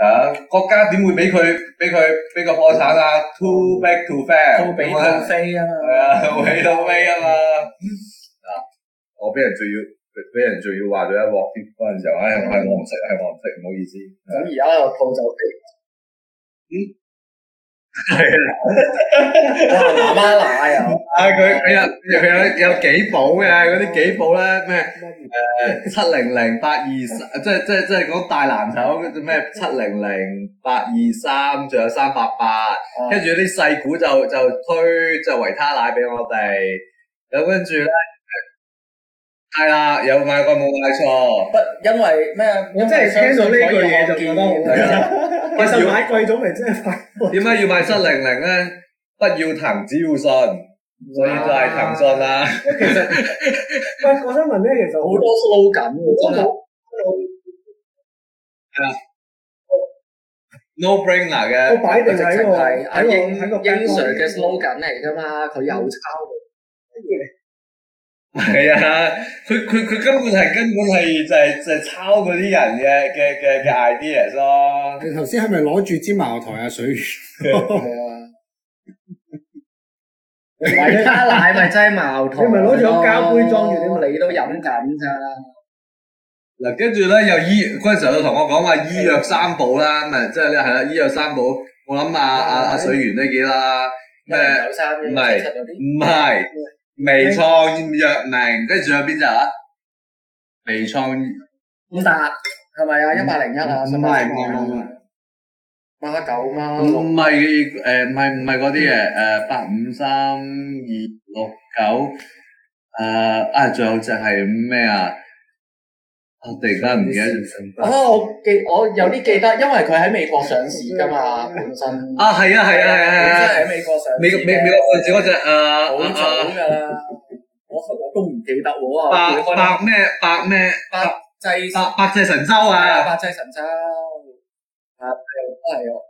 嚇，國家點會俾佢俾佢俾佢破產啊？Too big to fail，做飛啊嘛，係啊，起到飛啊嘛。嗱，我俾人仲要俾人仲要話咗一鑊添，嗰陣時候，唉，係我唔識，係我唔識，唔好意思。咁而家又破走地。係， <laughs> 媽媽奶 <laughs> 啊！啊，佢佢有有有幾寶嘅嗰啲幾寶咧咩？誒，七零零八二三，即係即係即係嗰大藍籌，咩七零零八二三，仲有三八八，跟住啲細股就就推就維他奶俾我哋，咁跟住咧。 <laughs> 係啦，有買過冇買錯，不因為咩？我真係聽到呢句嘢就覺得好睇啊！其實買貴咗咪真係快。點解要買七零零咧？不要騰，只要信，所以就係騰訊啦。其實，喂，我想問咧，其實好多 slogan 嘅，係啊，No Brainer 嘅，我擺定喺呢個，係英英 sir 嘅 slogan 嚟噶嘛，佢有抄嚟。係啊，佢佢佢根本係根本係就係就係抄嗰啲人嘅嘅嘅嘅 ideas 咯。你頭先係咪攞住支茅台啊？水源係啊，維他奶咪齋茅台，你咪攞住個膠杯裝住，你冇理都飲就咁咋。嗱，跟住咧又醫嗰陣時候，佢同我講話醫藥三寶啦，咁啊即係咧係啦，醫藥三寶，我諗阿阿阿水源都記得啦，咩有三唔係唔係。微創藥明，跟住仲有邊隻啊？微創五十？係咪啊？一百零一啊，唔係，八九八六，唔係誒，唔係唔係嗰啲嘅誒，八五三二六九，誒啊，最後隻係咩啊？我突然間唔記得啊小聲！我記我有啲記得，因為佢喺美國上市噶嘛，本身。 <laughs> 啊，係啊，係啊，係係係，喺美，美，美國上市。美國美美國，就嗰隻誒好慘噶啦，啊啊、 <laughs> 我我都唔記得喎啊百這是！百百咩百咩百濟百百濟神州啊！啊百濟神州啊，係啊，係、er, 啊。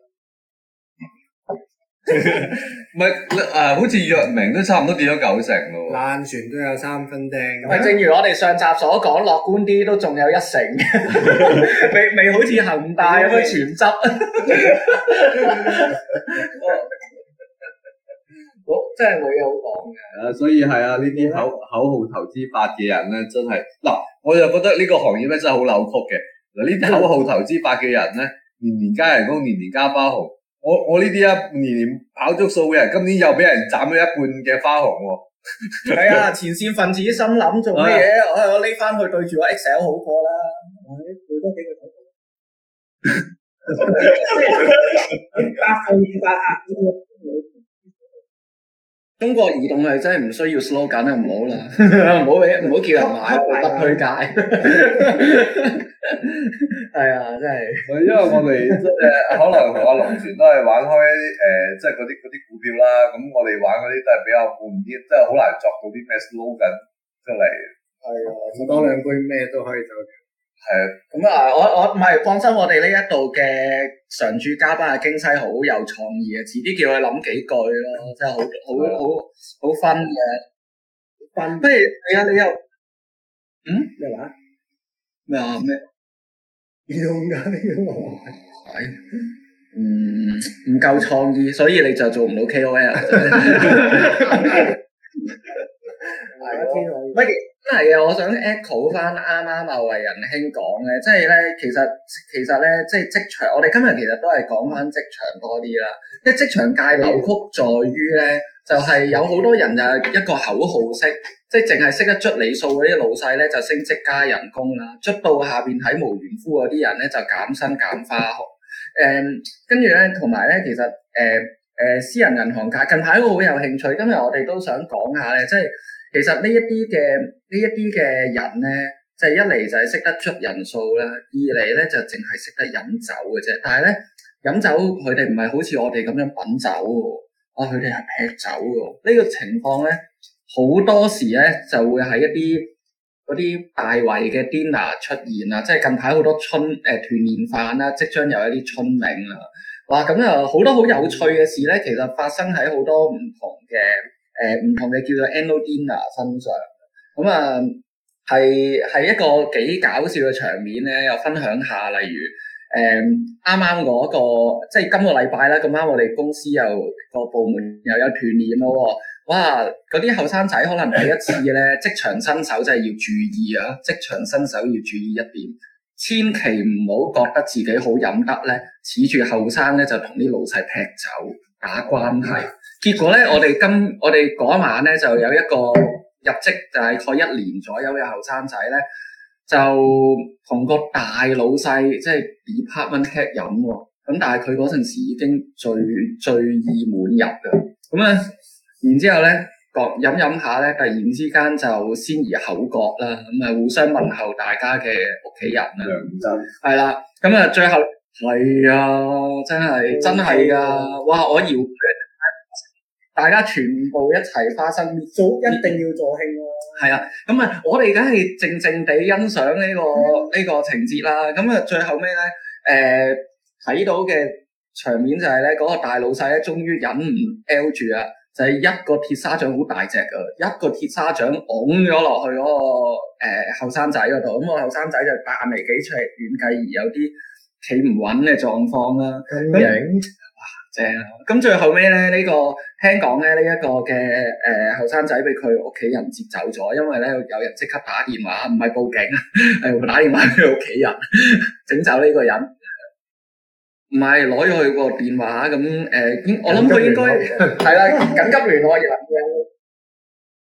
唔係，誒、 <laughs> 啊，好似藥明都差唔多跌咗九成咯。爛船都有三分釘。咪正如我哋上集所講，樂觀啲都仲有一成，未 <laughs> 未好似恒大咁去全執。好、 <laughs> <laughs> 哦，真係冇嘢好講嘅。 <laughs> 啊，所以係啊，呢啲口口號投資法嘅人咧，真係嗱，我就覺得呢個行業咧真係好扭曲嘅。嗱，呢啲口號投資法嘅人咧，年，年年加人工，年年，年加包紅。我我呢啲一年年跑足數嘅人，今年又俾人斬咗一半嘅花紅喎。係啊，前線分子心諗做乜嘢？哎、呀 我我匿翻去對住我 Excel 好過啦。唉，背多幾句。哈。中國移動係真係唔需要 slogan 就，啊，唔好啦，唔好俾唔好叫人買，得佢介。係啊，真係。 <laughs> 因為我哋即 <laughs> 可能同阿龍船都係玩開啲即係嗰啲啲股票啦。咁我哋玩嗰啲都係比較悶啲，即係好難作到啲咩 slogan 出嚟。係啊， <laughs> <laughs> 嗯，我講兩句咩都可以做係啊，咁啊，我我唔係放心，我哋呢一度嘅常駐嘉賓嘅京西，好有創意啊，遲啲叫佢諗幾句咯，真係好好好好分嘅。分，不如，係啊，你又嗯咩話咩啊？咩移噶？你都話唔唔唔夠創意，所以你就做唔到 KOL。哎呀，乜、嗯、嘢？真係嘅，我想 echo 翻啱啱某位仁兄講嘅，即係咧，其實其實咧，即係職場，我哋今日其實都係講翻職場多啲啦。即係職場界扭曲在於咧，就係、是、有好多人就一個口號式，即係淨係識得捽理數嗰啲老細咧就升職加工人工啦，捽到下邊睇無緣夫嗰啲人咧就減薪減花。誒、嗯，跟住咧，同埋咧，其實誒誒、呃呃，私人銀行界近排我好有興趣，今日我哋都想講下咧，即係。其實呢一啲嘅呢一啲嘅人咧，就係、是、一嚟就係識得出人數啦，二嚟咧就淨係識得飲酒嘅啫。但係咧飲酒，佢哋唔係好似我哋咁樣品酒喎，啊佢哋係劈酒喎。呢、這個情況咧，好多時咧就會喺一啲嗰啲大圍嘅 dinner 出現啦。即係近排好多春誒團年飯啦，即將有一啲春茗啦。哇，咁啊好多好有趣嘅事咧，其實發生喺好多唔同嘅。誒唔、呃、同嘅叫做 Anodina、no、身上，咁啊係係一個幾搞笑嘅場面咧，又分享下，例如誒啱啱嗰個即係今個禮拜啦，咁啱我哋公司又、這個部門又有團年咯喎，哇！嗰啲後生仔可能第一次咧，職場新手真係要注意啊，職場新手要注意一點，千祈唔好覺得自己好飲得咧，恃住後生咧就同啲老細劈酒打關係。結果咧，我哋今我哋嗰晚咧就有一個入職，大概一年左右嘅後生仔咧，就同個大老細即係 department head 飲喎。咁、就是、但係佢嗰陣時已經醉，醉意滿入噶。咁咧，然之後咧，講飲飲下咧，突然之間就先而口角啦。咁啊，互相問候大家嘅屋企人啊，係啦心。咁啊，最後係啊、哎，真係、哦、真係噶，哇！我要。大家全部一齊花生，做一定要助興咯。係啊，咁、嗯、啊，我哋梗係靜靜地欣賞呢、這個呢、嗯、個情節啦。咁啊，最後尾咧，誒、呃，睇到嘅場面就係、是、咧，嗰、那個大老細咧，終於忍唔 o 住啊，就係、是、一個鐵砂掌好大隻噶，一個鐵砂掌拱咗落去嗰、那個誒後生仔嗰度。咁個後生仔就八米幾長，遠計而有啲企唔穩嘅狀況啦、啊。咁影、嗯。嗯正咁，最後尾咧呢、呢個聽講咧呢一、呢個嘅誒後生仔俾佢屋企人接走咗，因為咧有人即刻打電話，唔係報警，係 <laughs> 會打電話俾佢屋企人整 <laughs> 走呢個人，唔係攞咗佢個電話咁誒、呃，我諗佢應該係啦，緊急聯絡人。 <laughs>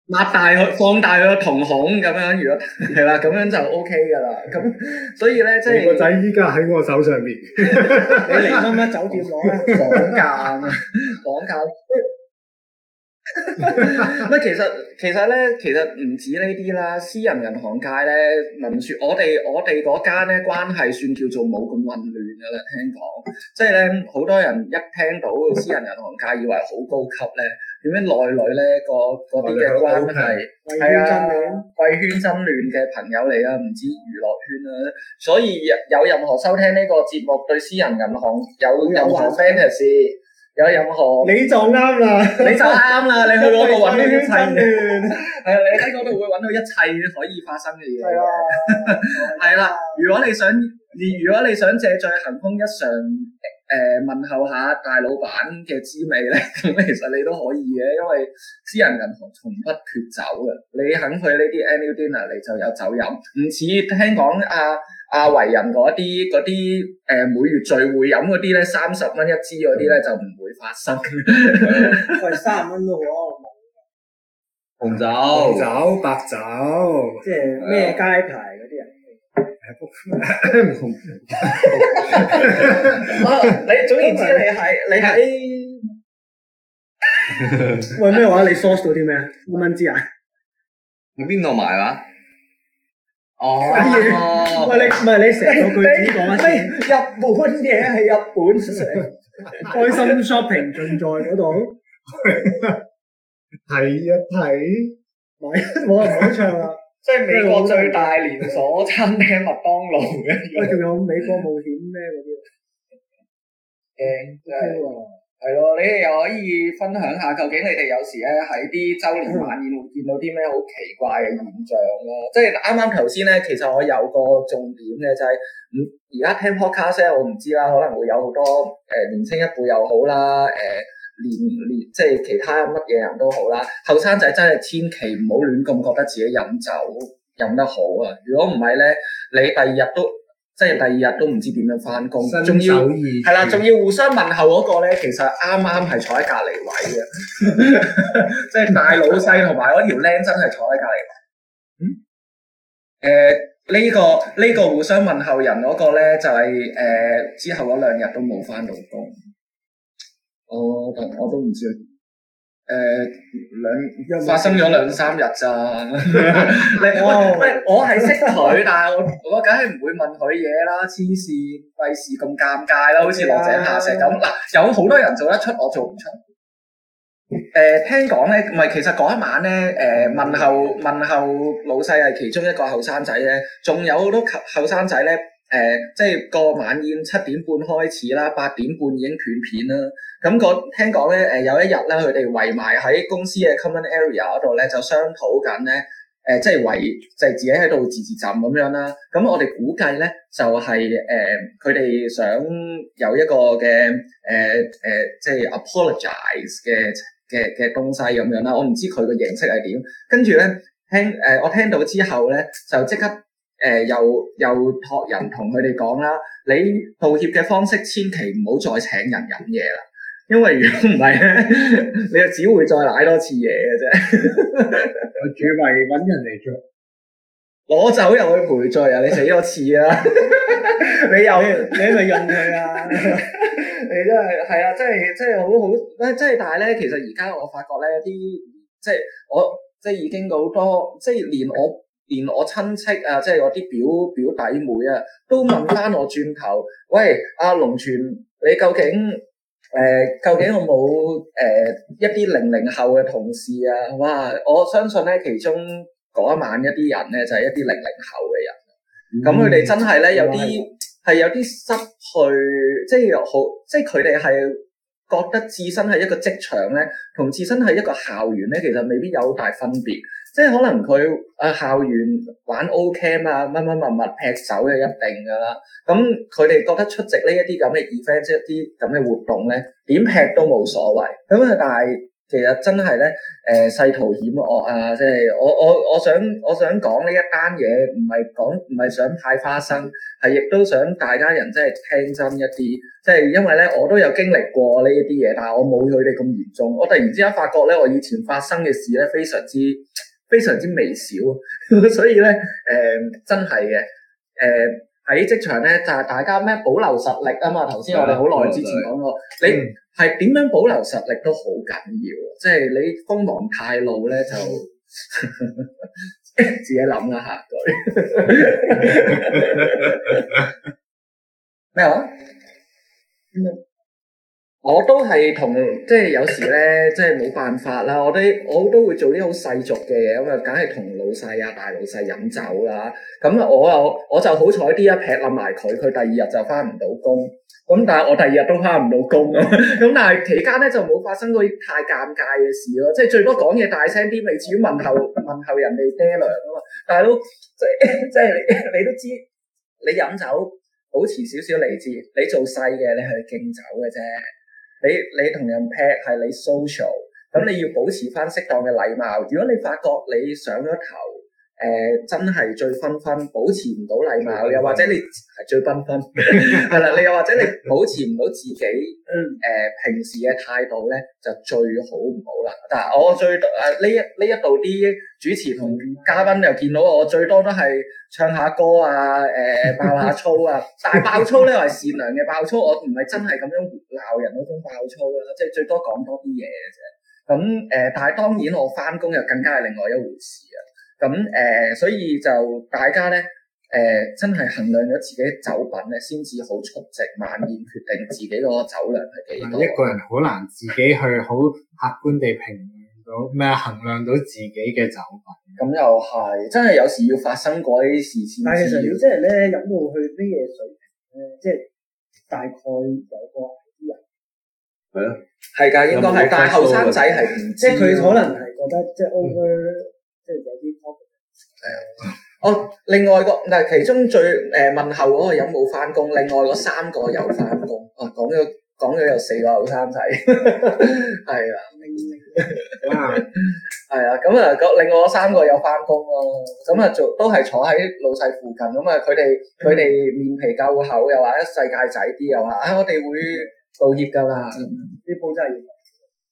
擘大佢，放大佢個瞳孔咁樣，樣 OK、樣如果係啦，咁樣就 O K 噶啦。咁所以咧，即係個仔依家喺我手上邊， <laughs> 你離開咩酒店 <laughs> 房啊？房價，房價。乜？其實其實咧，其實唔止呢啲啦。私人銀行界咧，聞説我哋我哋嗰間咧，關係算叫做冇咁混亂噶啦。聽講，即係咧，好多人一聽到私人銀行界，以為好高級咧。點樣內裏咧？個嗰啲嘅關係係啊，貴圈真亂嘅朋友嚟啊，唔知娛樂圈，啊，所以有任何收聽呢個節目對私人銀行有，有，有任何 fantasy，有任何你就啱啦， <laughs> 你就啱啦，你去嗰度搵到一切嘅，係啊、 <laughs> 哎，你喺嗰度會搵到一切可以發生嘅嘢，係啦，啊 <laughs> 啊。如果你想，你如果你想借住行空一上。誒，問候下大老闆嘅滋味咧，咁其實你都可以嘅，因為私人銀行從不缺酒嘅，你肯去呢啲 annual dinner，你就有酒飲，唔似聽講阿阿維人嗰啲嗰啲誒每月聚會飲嗰啲咧三十蚊一支嗰啲咧就唔會發生，係三十蚊咯喎，紅酒、酒、白酒即，即係咩街牌？ <laughs> 總你總言之，你係你係喂，咩話你 source 到啲咩啊？五蚊紙啊？喺邊度買話？哦，喂你唔係你成個句子講啊？日本嘢係日本成開心 shopping 盡在嗰度睇 <laughs> 一睇看，唔係冇人冇唱啊！即係美國最大連鎖餐廳麥當勞嘅，仲 <laughs> 有美國冒險咩嗰啲，誒，係，係咯，你哋又可以分享下，究竟你哋有時咧喺啲周年晚宴會見到啲咩好奇怪嘅現象咯？即係啱啱頭先咧，其實我有個重點嘅就係、是，嗯，而家聽 podcast 我唔知啦，可能會有多、呃、好多誒年輕一輩又好啦，誒、呃。連，連即係其他乜嘢人都好啦，後生仔真係千祈唔好亂咁覺得自己飲酒飲得好啊！如果唔係咧，你第二日都即係第二日都唔知點樣翻工，仲伸手 要係啦，仲是要互相問候嗰個咧，其實啱啱係坐喺隔籬位嘅，即係 <laughs> <laughs> 大老細同埋嗰條僆真係坐喺隔籬位。嗯？誒、呃，呢、這個呢、這個互相問候人嗰個咧，就係、是、誒、呃、之後嗰兩日都冇翻到工。我同我都唔知誒、呃，兩,兩發生咗兩三日咋？我我係識佢，但係我我梗係唔會問佢嘢啦，黐線費事咁尷尬啦，好似落井下石咁。嗱、啊，有好多人做得出，我做唔出。誒、 <laughs> 呃，聽講咧，唔係，其實嗰一晚咧，誒、呃，問候問候老細係其中一個後生仔咧，仲有好多後生仔咧。誒、呃，即係個晚宴七點半開始啦，八點半已經斷片啦。咁、那、講、個、聽講咧，誒、呃、有一日咧，佢哋圍埋喺公司嘅 common area 嗰度咧，就商討緊咧。誒、呃，即係圍就係、是、自己喺度自自浸咁樣啦。咁我哋估計咧，就係誒佢哋想有一個嘅誒誒，即係 apologize 嘅嘅嘅東西咁樣啦。我唔知佢嘅形式係點。跟住咧，聽誒、呃，我聽到之後咧，就即刻。誒、呃，又又託人同佢哋講啦， <music> 你道歉嘅方式千祈唔好再請人飲嘢啦，因為如果唔係咧， <laughs> 你就只會再瀨多次嘢嘅啫。我主要係搵人嚟做，攞 <music> 走又去賠罪啊，你死多次啊！ <laughs> 你又有 <laughs> 你咪認佢啊！ <laughs> 你真係係啊，真係真係好好，誒，真係但係咧，其實而家我發覺咧，啲即係我即係已經好多，即係連我。 <music> 連我親戚啊，即係我啲表表弟妹啊，都問翻我轉頭，喂，阿、啊、龍全，你究竟誒、呃，究竟有冇誒、呃、一啲零零後嘅同事啊？哇，我相信咧，其中嗰一晚一啲人咧，就係、是、一啲零零後嘅人，咁佢哋真係咧、嗯、有啲些係有啲失去，即係好，即係佢哋係覺得自身係一個職場咧，同自身係一個校園咧，其實未必有好大分別。即係可能佢啊校園玩 O Camp 啊乜乜乜物劈手就一定噶啦，咁佢哋覺得出席呢一啲咁嘅 event 一啲咁嘅活動咧，點劈都冇所謂。咁啊，但係其實真係咧，誒世途險惡啊！即係我我我想我想講呢一單嘢，唔係講唔係想派花生，係亦都想大家人真係聽真一啲。即係因為咧，我都有經歷過呢啲嘢，但係我冇佢哋咁嚴重。我突然之間發覺咧，我以前發生嘅事咧，非常之～非常之微小，呵呵，所以咧誒、呃、真係嘅誒，喺職場咧，就係大家咩保留實力啊嘛。頭先我哋好耐之前講過，嗯、你係點樣保留實力都好緊要，即、就、係、是、你鋒芒太露咧就 <laughs> <laughs> 自己諗啦嚇，句咩話？嗯我都係同即係有時咧，即係冇辦法啦。我哋，我都會做啲好世俗嘅嘢，咁啊，梗係同老細啊、大老細飲酒啦。咁我啊，我就好彩啲，一劈冧埋佢，佢第二日就翻唔到工。咁但係我第二日都翻唔到工。咁 <laughs> 但係期間咧就冇發生過太尷尬嘅事咯。即係最多講嘢大聲啲，未至於問候問候人哋爹娘啊嘛。大佬即係即係你，你都知，你飲酒保持少少理智。你做細嘅，你去敬酒嘅啫。你你同人劈係你 social，咁你要保持翻適當嘅禮貌。如果你發覺你上咗頭。誒、呃，真係醉醺醺，保持唔到禮貌，又或者你係醉醺醺，係啦，你又或者你保持唔到自己，誒、呃，平時嘅態度咧就最好唔好啦。但係我最誒呢、呃、一呢一度啲主持同嘉賓又見到我，我最多都係唱下歌啊，誒、呃，爆下粗啊，但係爆粗咧係善良嘅爆粗，我唔係真係咁樣鬧人嗰種爆粗啦、啊，即係最多講多啲嘢嘅啫。咁誒、呃，但係當然我翻工又更加係另外一回事啊。咁誒、呃，所以就大家咧，誒、呃、真係衡量咗自己酒品咧，先至好出席晚宴，決定自己個酒量係幾多。一個人好難自己去好客觀地評到咩啊，衡量到自己嘅酒品。咁又係，真係有時要發生嗰啲事。但係其實如果真係咧，飲到去咩水平咧，即係大概有個啲人。係啊了，係㗎，應該係、嗯。但係後生仔係即係佢可能係覺得即係 over 即係有啲，誒、嗯，哦，另外個嗱，其中最誒、呃、問候嗰個有冇翻工？另外嗰三個有翻工。 <laughs> 哦，講咗講咗有四個後生仔，係 <laughs> 啊，係 <laughs> 啊，咁、嗯、啊，另外嗰三個有翻工咯。咁、嗯、啊，做都係坐喺老細附近。咁、嗯、啊，佢哋佢哋面皮夠厚，又話一世界仔啲，又話啊，我哋會道歉噶啦，呢煲、嗯、真係要。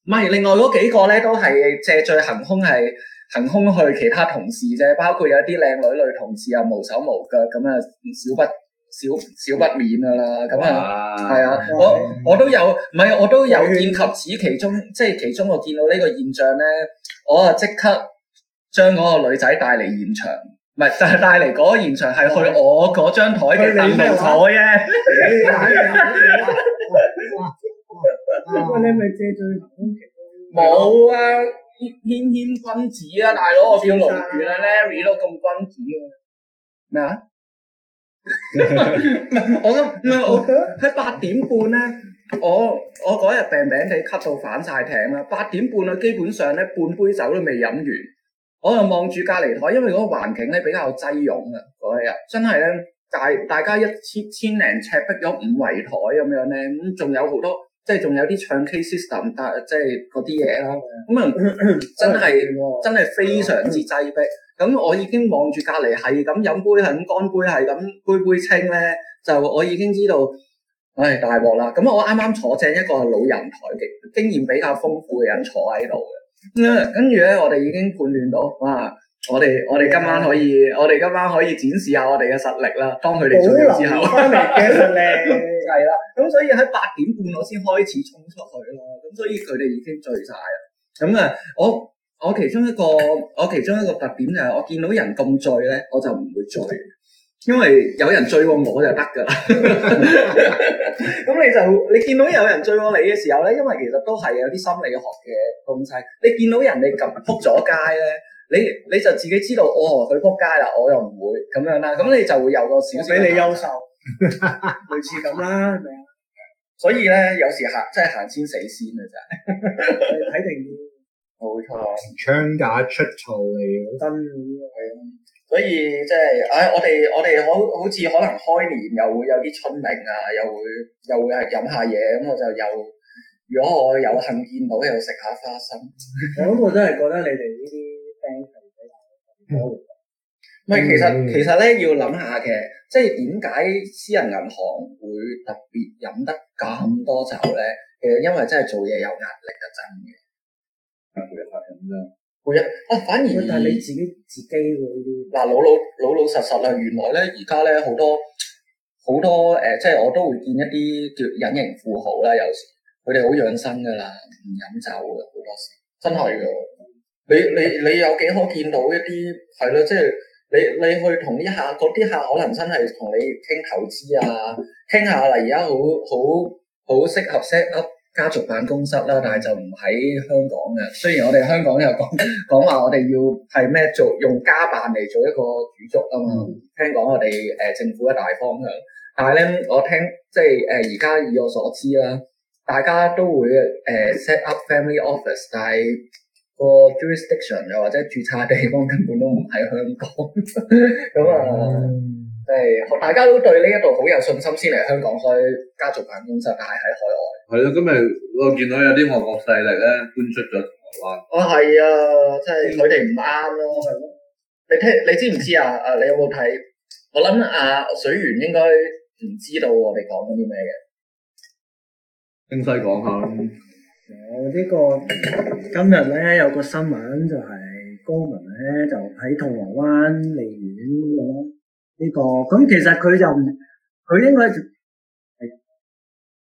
唔係，另外嗰幾個咧都係借醉行凶係。行空去其他同事啫，包括有啲靚女女同事又無手無腳，咁啊少不少少不免噶啦，咁啊係啊，我的我，我都有，唔係我都有見及此其中，即係其中我見到呢個現象咧，我啊即刻將嗰個女仔帶嚟現場，唔係就係帶嚟嗰個現場係去我嗰張台嘅凳台啫，你咪借醉空其，冇啊！ <laughs> 啊謙謙君子啊，大佬，我叫盧遠 Larry 都咁君子嘅咩啊？ <laughs> 我諗唔係我喺八點半咧，我我嗰日 <laughs> <laughs> 病病地咳到反晒艇啦。八點半啊，基本上咧半杯酒都未飲完，我又望住隔籬台，因為嗰個環境咧比較擠擁啊嗰日，真係咧大大家一千千零尺逼咗五圍台咁樣咧，咁仲有好多。即係仲有啲唱 K system 啊，即係嗰啲嘢啦，咁啊真係真係非常之擠逼。咁 <laughs> 我已經望住隔離係咁飲杯，係咁乾杯，係咁杯杯清咧，就我已經知道，唉大鑊啦！咁我啱啱坐正一個老人台嘅經驗比較豐富嘅人坐喺度嘅，跟住咧我哋已經貫穿到哇～我哋我哋今晚可以，嗯、我哋今晚可以展示下我哋嘅實力啦。當佢哋醉咗之後，嘅實力係啦。咁 <laughs> 所以喺八點半我先開始衝出去咯。咁所以佢哋已經醉晒啦。咁啊，我我其中一個我其中一個特點就係、是、我見到人咁醉咧，我就唔會醉，因為有人醉過我就得噶啦。咁 <laughs> <laughs> 你就你見到有人醉過你嘅時候咧，因為其實都係有啲心理學嘅東西。你見到人哋咁撲咗街咧。你你就自己知道，哦佢仆街啦，我又唔會咁樣啦，咁你就會有個小俾你優秀， <laughs> 類似咁啦，係咪啊？所以咧，有時行真係行先死先、 <laughs> 就是、啊，真係睇定冇錯，槍架出錯嚟。真係，所以即係，唉，我哋我哋好好似可能開年又會有啲春茗啊，又會又會係飲下嘢，咁我就又如果我有幸見到，又食下花生，我諗， <laughs> <laughs> 我真係覺得你哋呢啲。唔係，其實其實咧要諗下嘅，即係點解私人銀行會特別飲得咁多酒咧？其實因為真係做嘢有壓力啊，真嘅。 <laughs> 每日係咁啫，每日啊，反而佢 <laughs> 但係你自己自己會嗱 <laughs> 老老老老實實啊，原來咧而家咧好多好多誒、呃，即係我都會見一啲叫隱形富豪啦，有時佢哋好養生噶啦，唔飲酒噶好多時，真係噶。 <laughs> 你你你有幾可見到一啲係咯，即係你你去同啲下嗰啲客，客可能真係同你傾投資啊，傾下啦。而家好好好適合 set up 家族辦公室啦，但係就唔喺香港嘅。雖然我哋香港又講講話，我哋要係咩做用家辦嚟做一個主軸啊嘛。聽講我哋誒、呃、政府嘅大方向，但係咧我聽即係誒而家以我所知啦、啊，大家都會誒 set up family office，但係。個 jurisdiction 又或者註冊地方根本都唔喺香港，咁 <laughs> 啊那，係、嗯、大家都對呢一度好有信心先嚟香港開家族辦公室，但係喺海外。係咯，今日我見到有啲外國勢力咧搬出咗台灣。哦，係啊，即係佢哋唔啱咯，係咯。你聽，你知唔知啊？誒，你有冇睇？我諗阿、啊、水源應該唔知道我哋講緊啲咩嘅。東西講下 <laughs> 我呢個今日咧有個新聞就係工人咧就喺銅鑼灣利園，咁咯，呢個，咁其實佢就唔，佢應該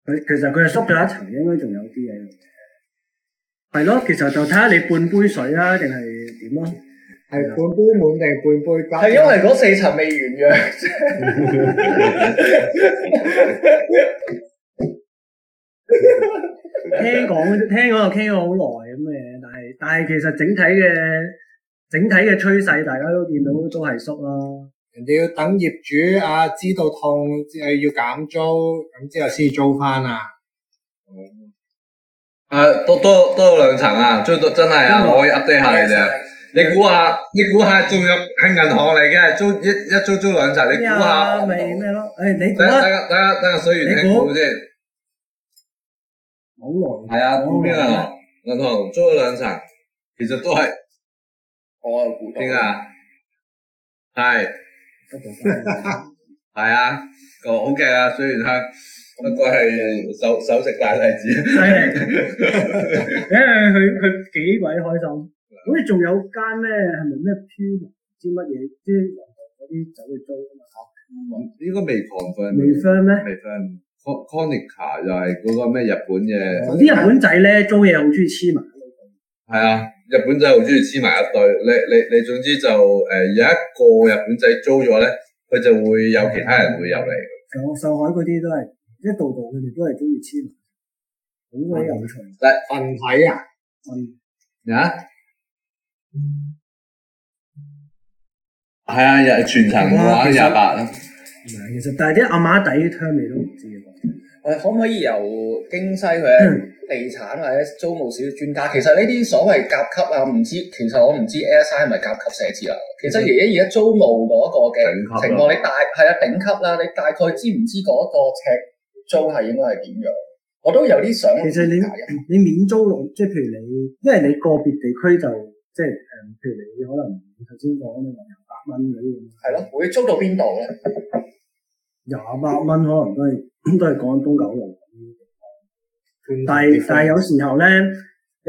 佢其實佢係縮咗一層，應該仲有啲嘢，係咯，其實就睇下你半杯水啊定係點咯，係半杯滿定半杯加係，因為嗰四層未完嘅。聽講，聽講就傾咗好耐咁嘅嘢，但係但係其實整體嘅整體嘅趨勢，大家都見到都係縮咯。人哋要等業主啊知道痛，要減租咁之後先至租翻啊。哦，多多多兩層啊，租到真係啊，我 update 下你哋。你估下，你估下仲有係銀行嚟嘅租一一租租兩層，你估下咪咩咯？誒，你估下，大下，大下，大下，水完你估先。哦 right、好係啊，古天啊，銀行租咗兩層，其實都係哦，天啊，係，係啊，個好勁啊，雖然，不過係首首食大例子，犀利，佢佢幾鬼開心，好似仲有間咧，係咪咩飄？唔知乜嘢，啲銀行嗰啲走去租啊嘛，應該未狂在，未分咩？未分。Conica 就係嗰個咩日本嘅，啲日本仔咧租嘢好中意黐埋。係、嗯、啊，日本仔好中意黐埋一對。你你你，你總之就誒、呃、有一個日本仔租咗咧，佢就會有其他人會入嚟。上海嗰啲都係一道度，佢哋都係中意黐埋，好鬼有趣。但係分體啊？分、嗯、呀？係啊，廿全層玩廿八。其實但係啲阿媽底啲湯味都唔知。我哋、嗯、可唔可以由京西嘅地產或者租務少專家？其實呢啲所謂甲級啊，唔知其實我唔知 A S I 係咪甲級寫字樓。其實爺爺而家租務嗰個嘅情況，嗯啊、你大係啊頂級啦，你大概知唔知嗰個尺租係應該係點樣？我都有啲想。其實你、嗯、你免租用，即係譬如你，因為你，因為你個別地區就即係誒，譬如你可能頭先講蚊你啲咁，係咯，會租到邊度咧？廿八蚊可能都係，都係講東九龍。但係 <noise> 但係有時候咧，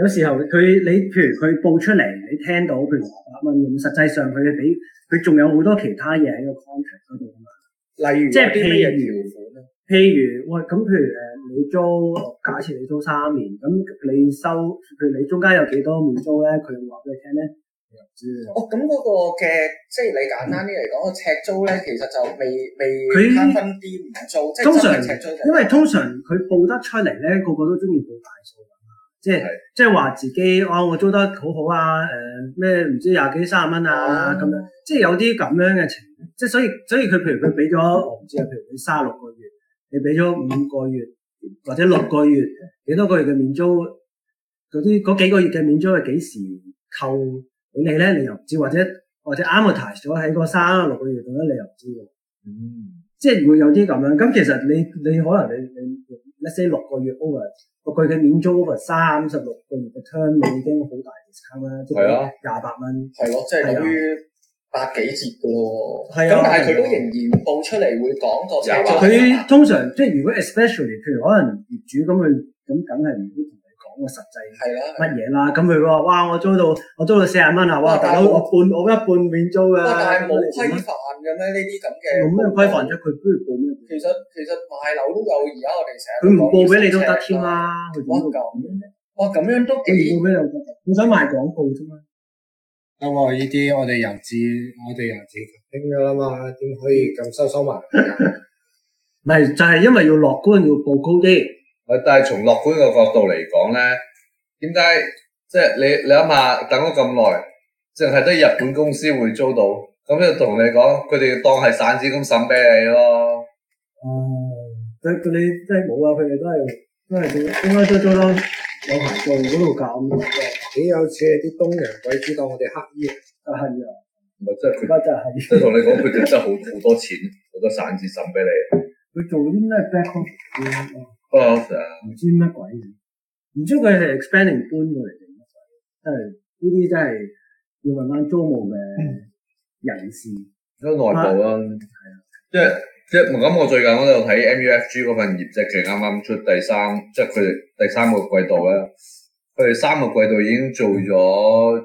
有時候佢你譬如佢報出嚟，你聽到譬如二百蚊咁，實際上佢俾佢仲有好多其他嘢喺個 contract 嗰度噶嘛。例如，即係譬如譬如喂咁，譬如誒，你租假設你租三年，咁你收譬如你中間有幾多免租咧？佢話俾你聽咧？哦，咁嗰、那個嘅，即係你簡單啲嚟講，個、嗯、尺租咧，其實就未未攤它分啲唔租，即係通常，因為通常佢報得出嚟咧，個個都中意報大數啊，即係是即係話自己，哦，我租得好好啊，誒咩唔知廿幾卅蚊啊咁、嗯、樣，即係有啲咁樣嘅情，即係所以所以佢譬如佢俾咗，我唔知啊，譬如俾卅六個月，你俾咗五個月或者六個月，幾多個月嘅免租，嗰啲嗰幾個月嘅免租係幾時扣？你咧，你又唔知，或者或者啱嘅提咗喺嗰三六個月，度咧你又唔知嘅，嗯、即係會有啲咁樣。咁其實你你可能你你，let's say 六個月 over 個佢嘅免租 over 三十六個月嘅 term 已經好大嘅差啦，嗯、即係廿八蚊，係咯，即係等於百幾折嘅咯。係啊，但係佢都仍然報出嚟會講個，其實佢、啊啊、通常即係、啊、如果 especially，譬如可能業主咁佢咁梗係唔知。咁嘅實際乜嘢啦？咁佢話：哇！我租到我租到四十蚊啊！哇！大佬，我半我一半免租嘅、啊。但係冇規範嘅咩？呢啲咁嘅冇咩規範啫，佢不如報咩？其實其實賣樓都有，而家我哋成佢唔報俾你都得添啦。佢哇咁，哇咁樣都幾好嘅，你唔想買廣告啫嘛？咁我呢啲我哋人字我哋人字拼嘅啦嘛，點可以咁收收埋？唔係 <laughs> 就係、是、因為要樂觀，要報高啲。但係從樂觀嘅角度嚟講咧，點解即係你你諗下等咗咁耐，淨係得日本公司會租到咁就同你講，佢哋當係散紙咁審俾你咯。啊、呃！佢佢哋真係冇啊！佢哋都係都係應該都都都有排做嗰度咁，幾有錢啲東洋鬼子當我哋黑衣啊！係啊，唔係即係，而家們就係即係同你講，佢哋真係好好多錢好多散紙審俾你。佢做啲咩唔、oh, 知乜鬼唔知佢係 expanding 搬過嚟定乜鬼，即係呢啲真係要問翻租務嘅人士，都係、嗯、內部啦。係啊，對即係即係咁。我最近我度睇 MUFG 嗰份業績，佢啱啱出第三，即係佢哋第三個季度咧，佢哋三個季度已經做咗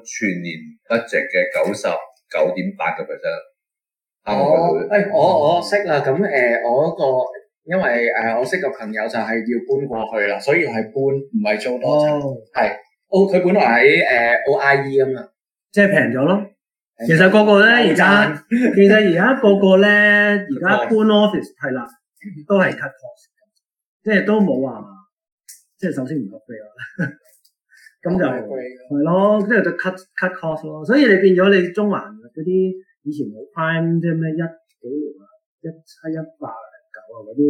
全年 budget 嘅九十九點八個 percent。我誒，我我識啦，咁誒，我個。因為誒，我識個朋友就係、是、要搬過去啦，所以係搬唔係租多層，係 O 佢本來喺誒、呃、OIE 啊嘛，即係平咗咯。其實個個咧而家，其實而家個個咧而家搬 office 係啦，都係 cut cost，即係都冇話，即係首先唔落飛啦，咁 <laughs> 就係咯，即係、哦、就 cut cut cost 咯。所以你變咗你中環嗰啲以前冇 prime 即係咩一幾年啊一七一八。嗰啲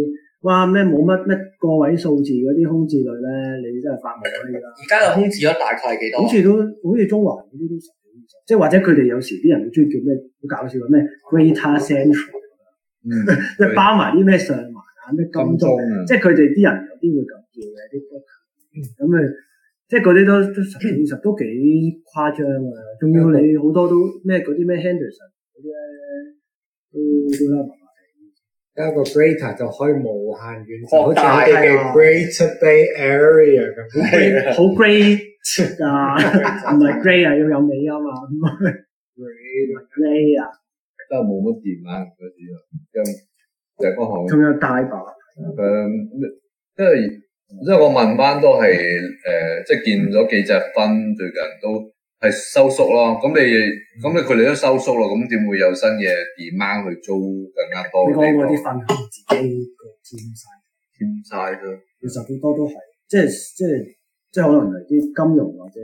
哇咩冇乜乜個位數字嗰啲空置率咧，你真係發明嗰啲啦。而家個空置率大概係幾多？好似都好似中環嗰啲都十幾二十，即係或者佢哋有時啲人好中意叫咩好搞笑啊咩 Greater Central，即係、嗯、包埋啲咩上環啊咩金鐘，金鐘啊、即係佢哋啲人有啲會咁叫嘅啲咁啊，即係嗰啲都都十幾二十都幾誇張啊！仲要、嗯、你好多都咩嗰啲咩 Henderson 嗰啲咧都都拉、嗯嗯加個 greater 就可以無限遠，哦、好似我哋嘅 Greater Bay Area 咁，好是 <laughs> great 啊，唔係 great 啊，要有尾啊嘛，a t 啊，都係冇乜掂啊，嗰啲啊，又成個行業，仲有大把，誒，um, 因為因為我問翻都係誒、呃，即係見咗幾隻分最近都。係收縮咯，咁你咁你佢哋都收縮咯，咁點會有新嘅 demand 去租更加多？你講嗰啲分行自己個佔晒，佔晒啫。其實好多都係，即係即係即係可能係啲金融或者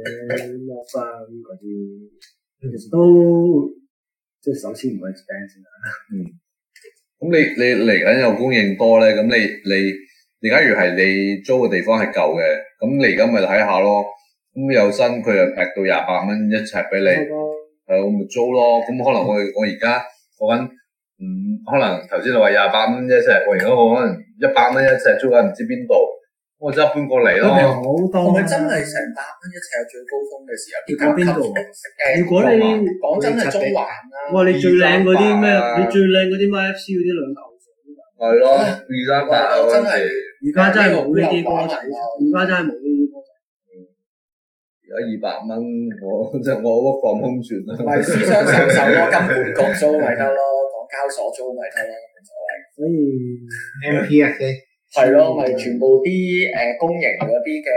嗰啲， <laughs> 其實都即係首先唔可以跌先啦。嗯。咁、嗯、你你嚟緊有供應多咧，咁你你你，你假如係你租嘅地方係舊嘅，咁嚟緊咪睇下咯。咁有新，佢又劈到廿八蚊一尺俾你，誒我咪租咯。咁可能我我而家我講緊，可能頭先你話廿八蚊一尺，我而家我可能一百蚊一尺租緊唔知邊度，我就搬過嚟咯。唔好凍，咪真係成百蚊一尺係最高峰嘅時候？要到邊度？如果你講真係中環啦，哇你最靚嗰啲咩？你最靚嗰啲 IFC 嗰啲兩頭房，係咯二三八，真係。而家真係冇呢啲波仔，而家真係冇呢啲。而家二百蚊，我即係我都放空船啦。唔係私商承受咯，金管局租咪得咯，港交所租咪得咯，所以，MP 啊，係咯，咪全部啲誒公營嗰啲嘅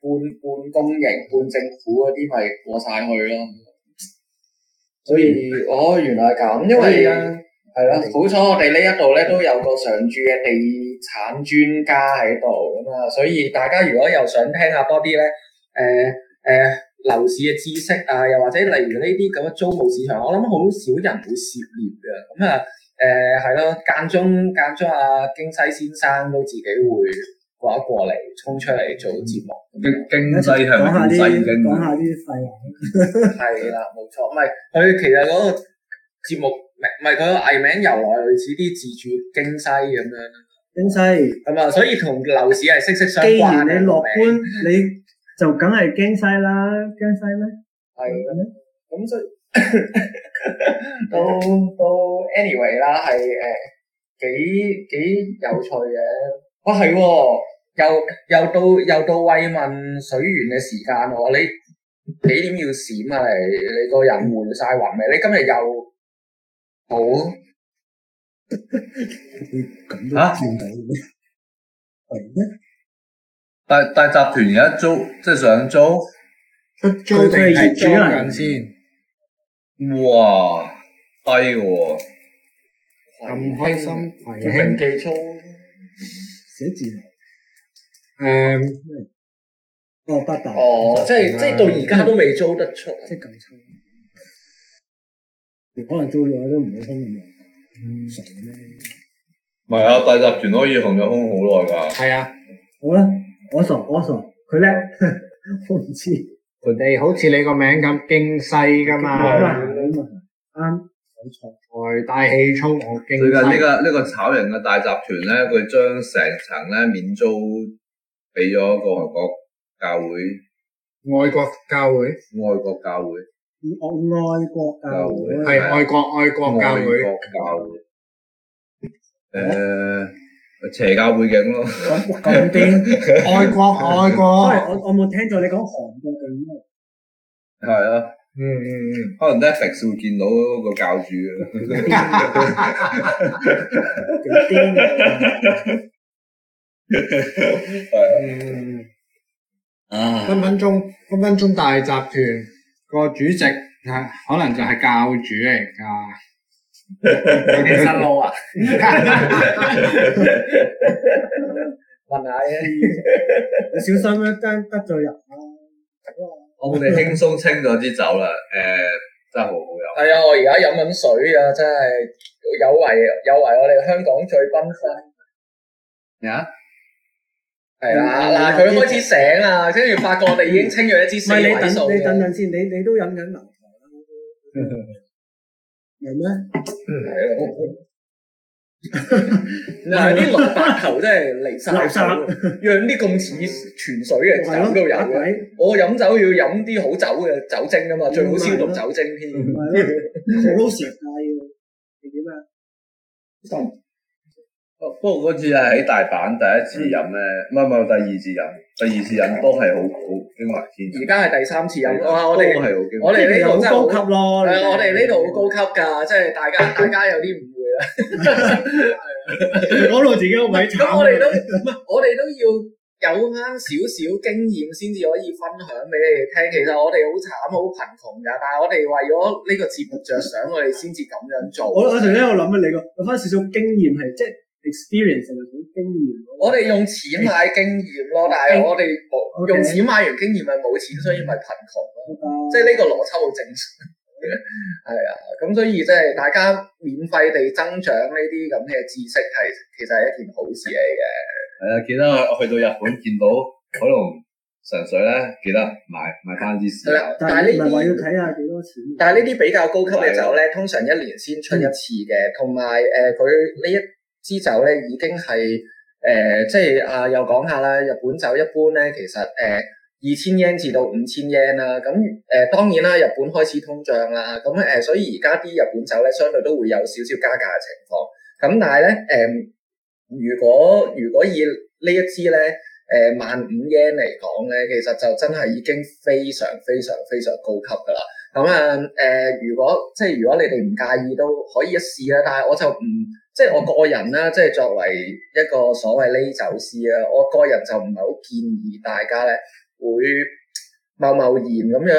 半半公營半政府嗰啲咪過晒去咯。所以哦，原來係咁，因為係啦、啊嗯，好彩我哋呢一度咧都有個常住嘅地產專家喺度咁啊，所以大家如果又想聽下多啲咧，誒、呃。誒，樓、呃、市嘅知識啊，又或者例如呢啲咁嘅租務市場，我諗好少人會涉獵嘅。咁、嗯、啊，誒係咯，間中間中啊，京西先生都自己會掛一過嚟，衝出嚟做節目。嗯、京京西係咪？ <laughs> 京西唔京西？講下啲廢話。係啦，冇錯，唔係佢其實嗰個節目唔係佢個藝名由來，類似啲自主京西咁樣京西。係嘛，所以同樓市係息息相關，既然你樂觀，你。 <laughs> 就梗係驚晒啦，驚晒咩？係咩的？咁嗎所以 <laughs> 到 <laughs> 到，到 anyway 啦，係誒幾幾有趣嘅。啊，係喎，又又到又到慰問水源嘅時間喎。你幾點要閃啊？你你個人換晒雲咩？你今日又好咁啊？ <laughs> <laughs> 大大集團一租，即係想一租，佢哋係租兩先，哇，低喎、啊，咁開心，佢筆記粗，寫麼字樓，誒，八百，哦，即係即係到而家都未租得出，嗯、即係咁差，可能租咗都唔會空咁耐，唔使咩，唔係啊，大集團可以同咗空好耐噶，係啊，好啦。我傻，我傻，佢叻， <laughs> 我唔知。佢哋好似你個名咁勁細噶嘛？啱，好彩，大氣粗，我勁細。所以嘅呢個呢個炒人嘅大集團咧，佢將成層咧免租俾咗個外國教會。外國教會？外國教會？外外國教會？係外是國外國教會。誒。嗯 uh, 邪教背景咯、 <laughs> 哦，咁、哦、癲，外國外國，愛國嗯、我我冇聽到你講韓國嘅咩？係啊、 <laughs> 嗯，嗯，可能 Netflix 會見到嗰個教主啊，咁癲嘅， <laughs> 嗯， <laughs> 嗯啊，分分鐘分分鐘大集團、個主席係可能就係教主嚟噶。 <laughs> 你哋山路啊？ <laughs> 問下啫，小心啊，得得罪人啊！我哋輕鬆清咗支酒啦，誒，真係好好飲。係啊，我而家飲緊水啊，真係有為有為，有為我哋香港最繽紛。咩啊 Yeah? 的？係啦，嗱，佢開始醒啦，跟住發覺我哋已經清咗一支四，唔係，你等你等陣先，你等等你,你都飲緊茅台啦 <laughs> 係咩？係啊！嗱， <noise> 啲蘿蔔頭真係嚟晒生，用啲咁似泉水嘅酒都有！嘅。我飲酒要飲啲好酒嘅酒精噶嘛，最好消毒酒精添。好都蝕底啊！點 <noise> 啊？不不過嗰次係喺大阪第一次飲咧，唔係唔係，第二次飲，第二次飲都係好好驚為天。而家係第三次飲，我我哋我哋呢度真係好高級咯。我哋呢度好高級噶，即係大家大家有啲誤會啦，講到自己好委屈。咁我哋都我哋都要有翻少少經驗先至可以分享俾你哋聽。其實我哋好慘，好貧窮噶，但係我哋為咗呢個節目着想，我哋先至咁樣做。我我哋咧，我諗起你個有翻少少經驗係即係。experience 咪好經驗，我哋用錢買經驗咯，但係我哋用錢買完經驗咪冇錢，嗯、所以咪貧窮咯。嗯、即係呢個邏輯好正常。係 <laughs> 啊，咁所以即係大家免費地增長呢啲咁嘅知識係，其實係一件好事嚟嘅。係啊，記得去去到日本見到可能純粹咧記得買買翻啲。但係呢係話要睇下幾多錢。但係呢啲比較高級嘅酒咧，的通常一年先出一次嘅，同埋誒佢呢一。支酒咧已經係誒、呃，即係啊，又講下啦。日本酒一般咧，其實誒二千 yen 至到五千 yen 啦，啊。咁誒、呃，當然啦，日本開始通脹啦。咁誒、呃，所以而家啲日本酒咧，相對都會有少少加價嘅情況。咁但係咧，誒、呃、如果如果以一呢一支咧誒萬五 yen 嚟講咧，其實就真係已經非常非常非常，非常高級噶啦。咁啊誒，如果即係如果你哋唔介意都可以一試啦。但係我就唔。即係我個人啦，即係作為一個所謂呢酒師啦，我個人就唔係好建議大家咧會貿貿然咁樣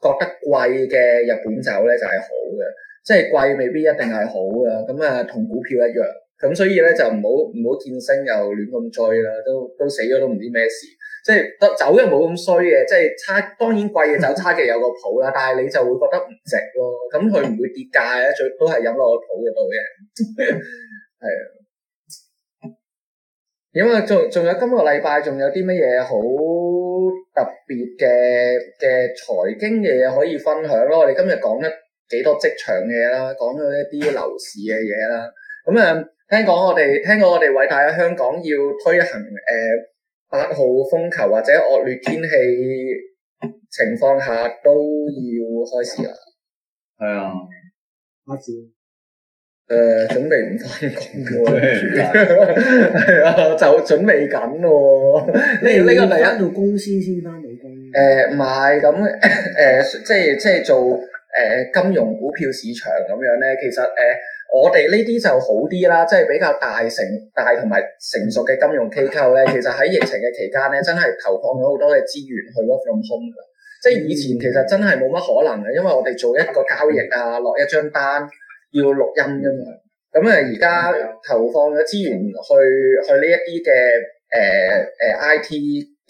覺得貴嘅日本酒咧就係好嘅，即係貴未必一定係好嘅，咁啊同股票一樣，咁所以咧就唔好唔好見升又亂咁追啦，都都死咗都唔知咩事。即係得酒又冇咁衰嘅，即係差當然貴嘅酒差嘅有個譜啦，但係你就會覺得唔值咯。咁佢唔會跌價嘅，最都係飲落個譜嗰度嘅，係 <laughs> 啊。咁啊，仲仲有今個禮拜仲有啲乜嘢好特別嘅嘅財經嘅嘢可以分享咯？我哋今日講得幾多職場嘅嘢啦，講咗一啲樓市嘅嘢啦。咁啊，聽講我哋聽講我哋偉大嘅香港要推行誒。呃八號風球或者惡劣天氣情況下都要開始啦。係啊，開始。誒，準備唔翻工嘅、啊。係啊、 <laughs> <laughs> 呃，就準備緊。呢呢個係唔係喺度公司先翻到工？誒、呃，唔係，咁、呃、誒，即係即係做誒、呃、金融股票市場咁樣咧。其實誒。呃我哋呢啲就好啲啦，即係比較大成大同埋成熟嘅金融機構咧，其實喺疫情嘅期間咧，真係投放咗好多嘅資源去 work from home 嘅。即係以前其實真係冇乜可能嘅，因為我哋做一個交易啊，落一張單要錄音㗎嘛。咁啊，而家投放咗資源去去呢一啲嘅誒誒 IT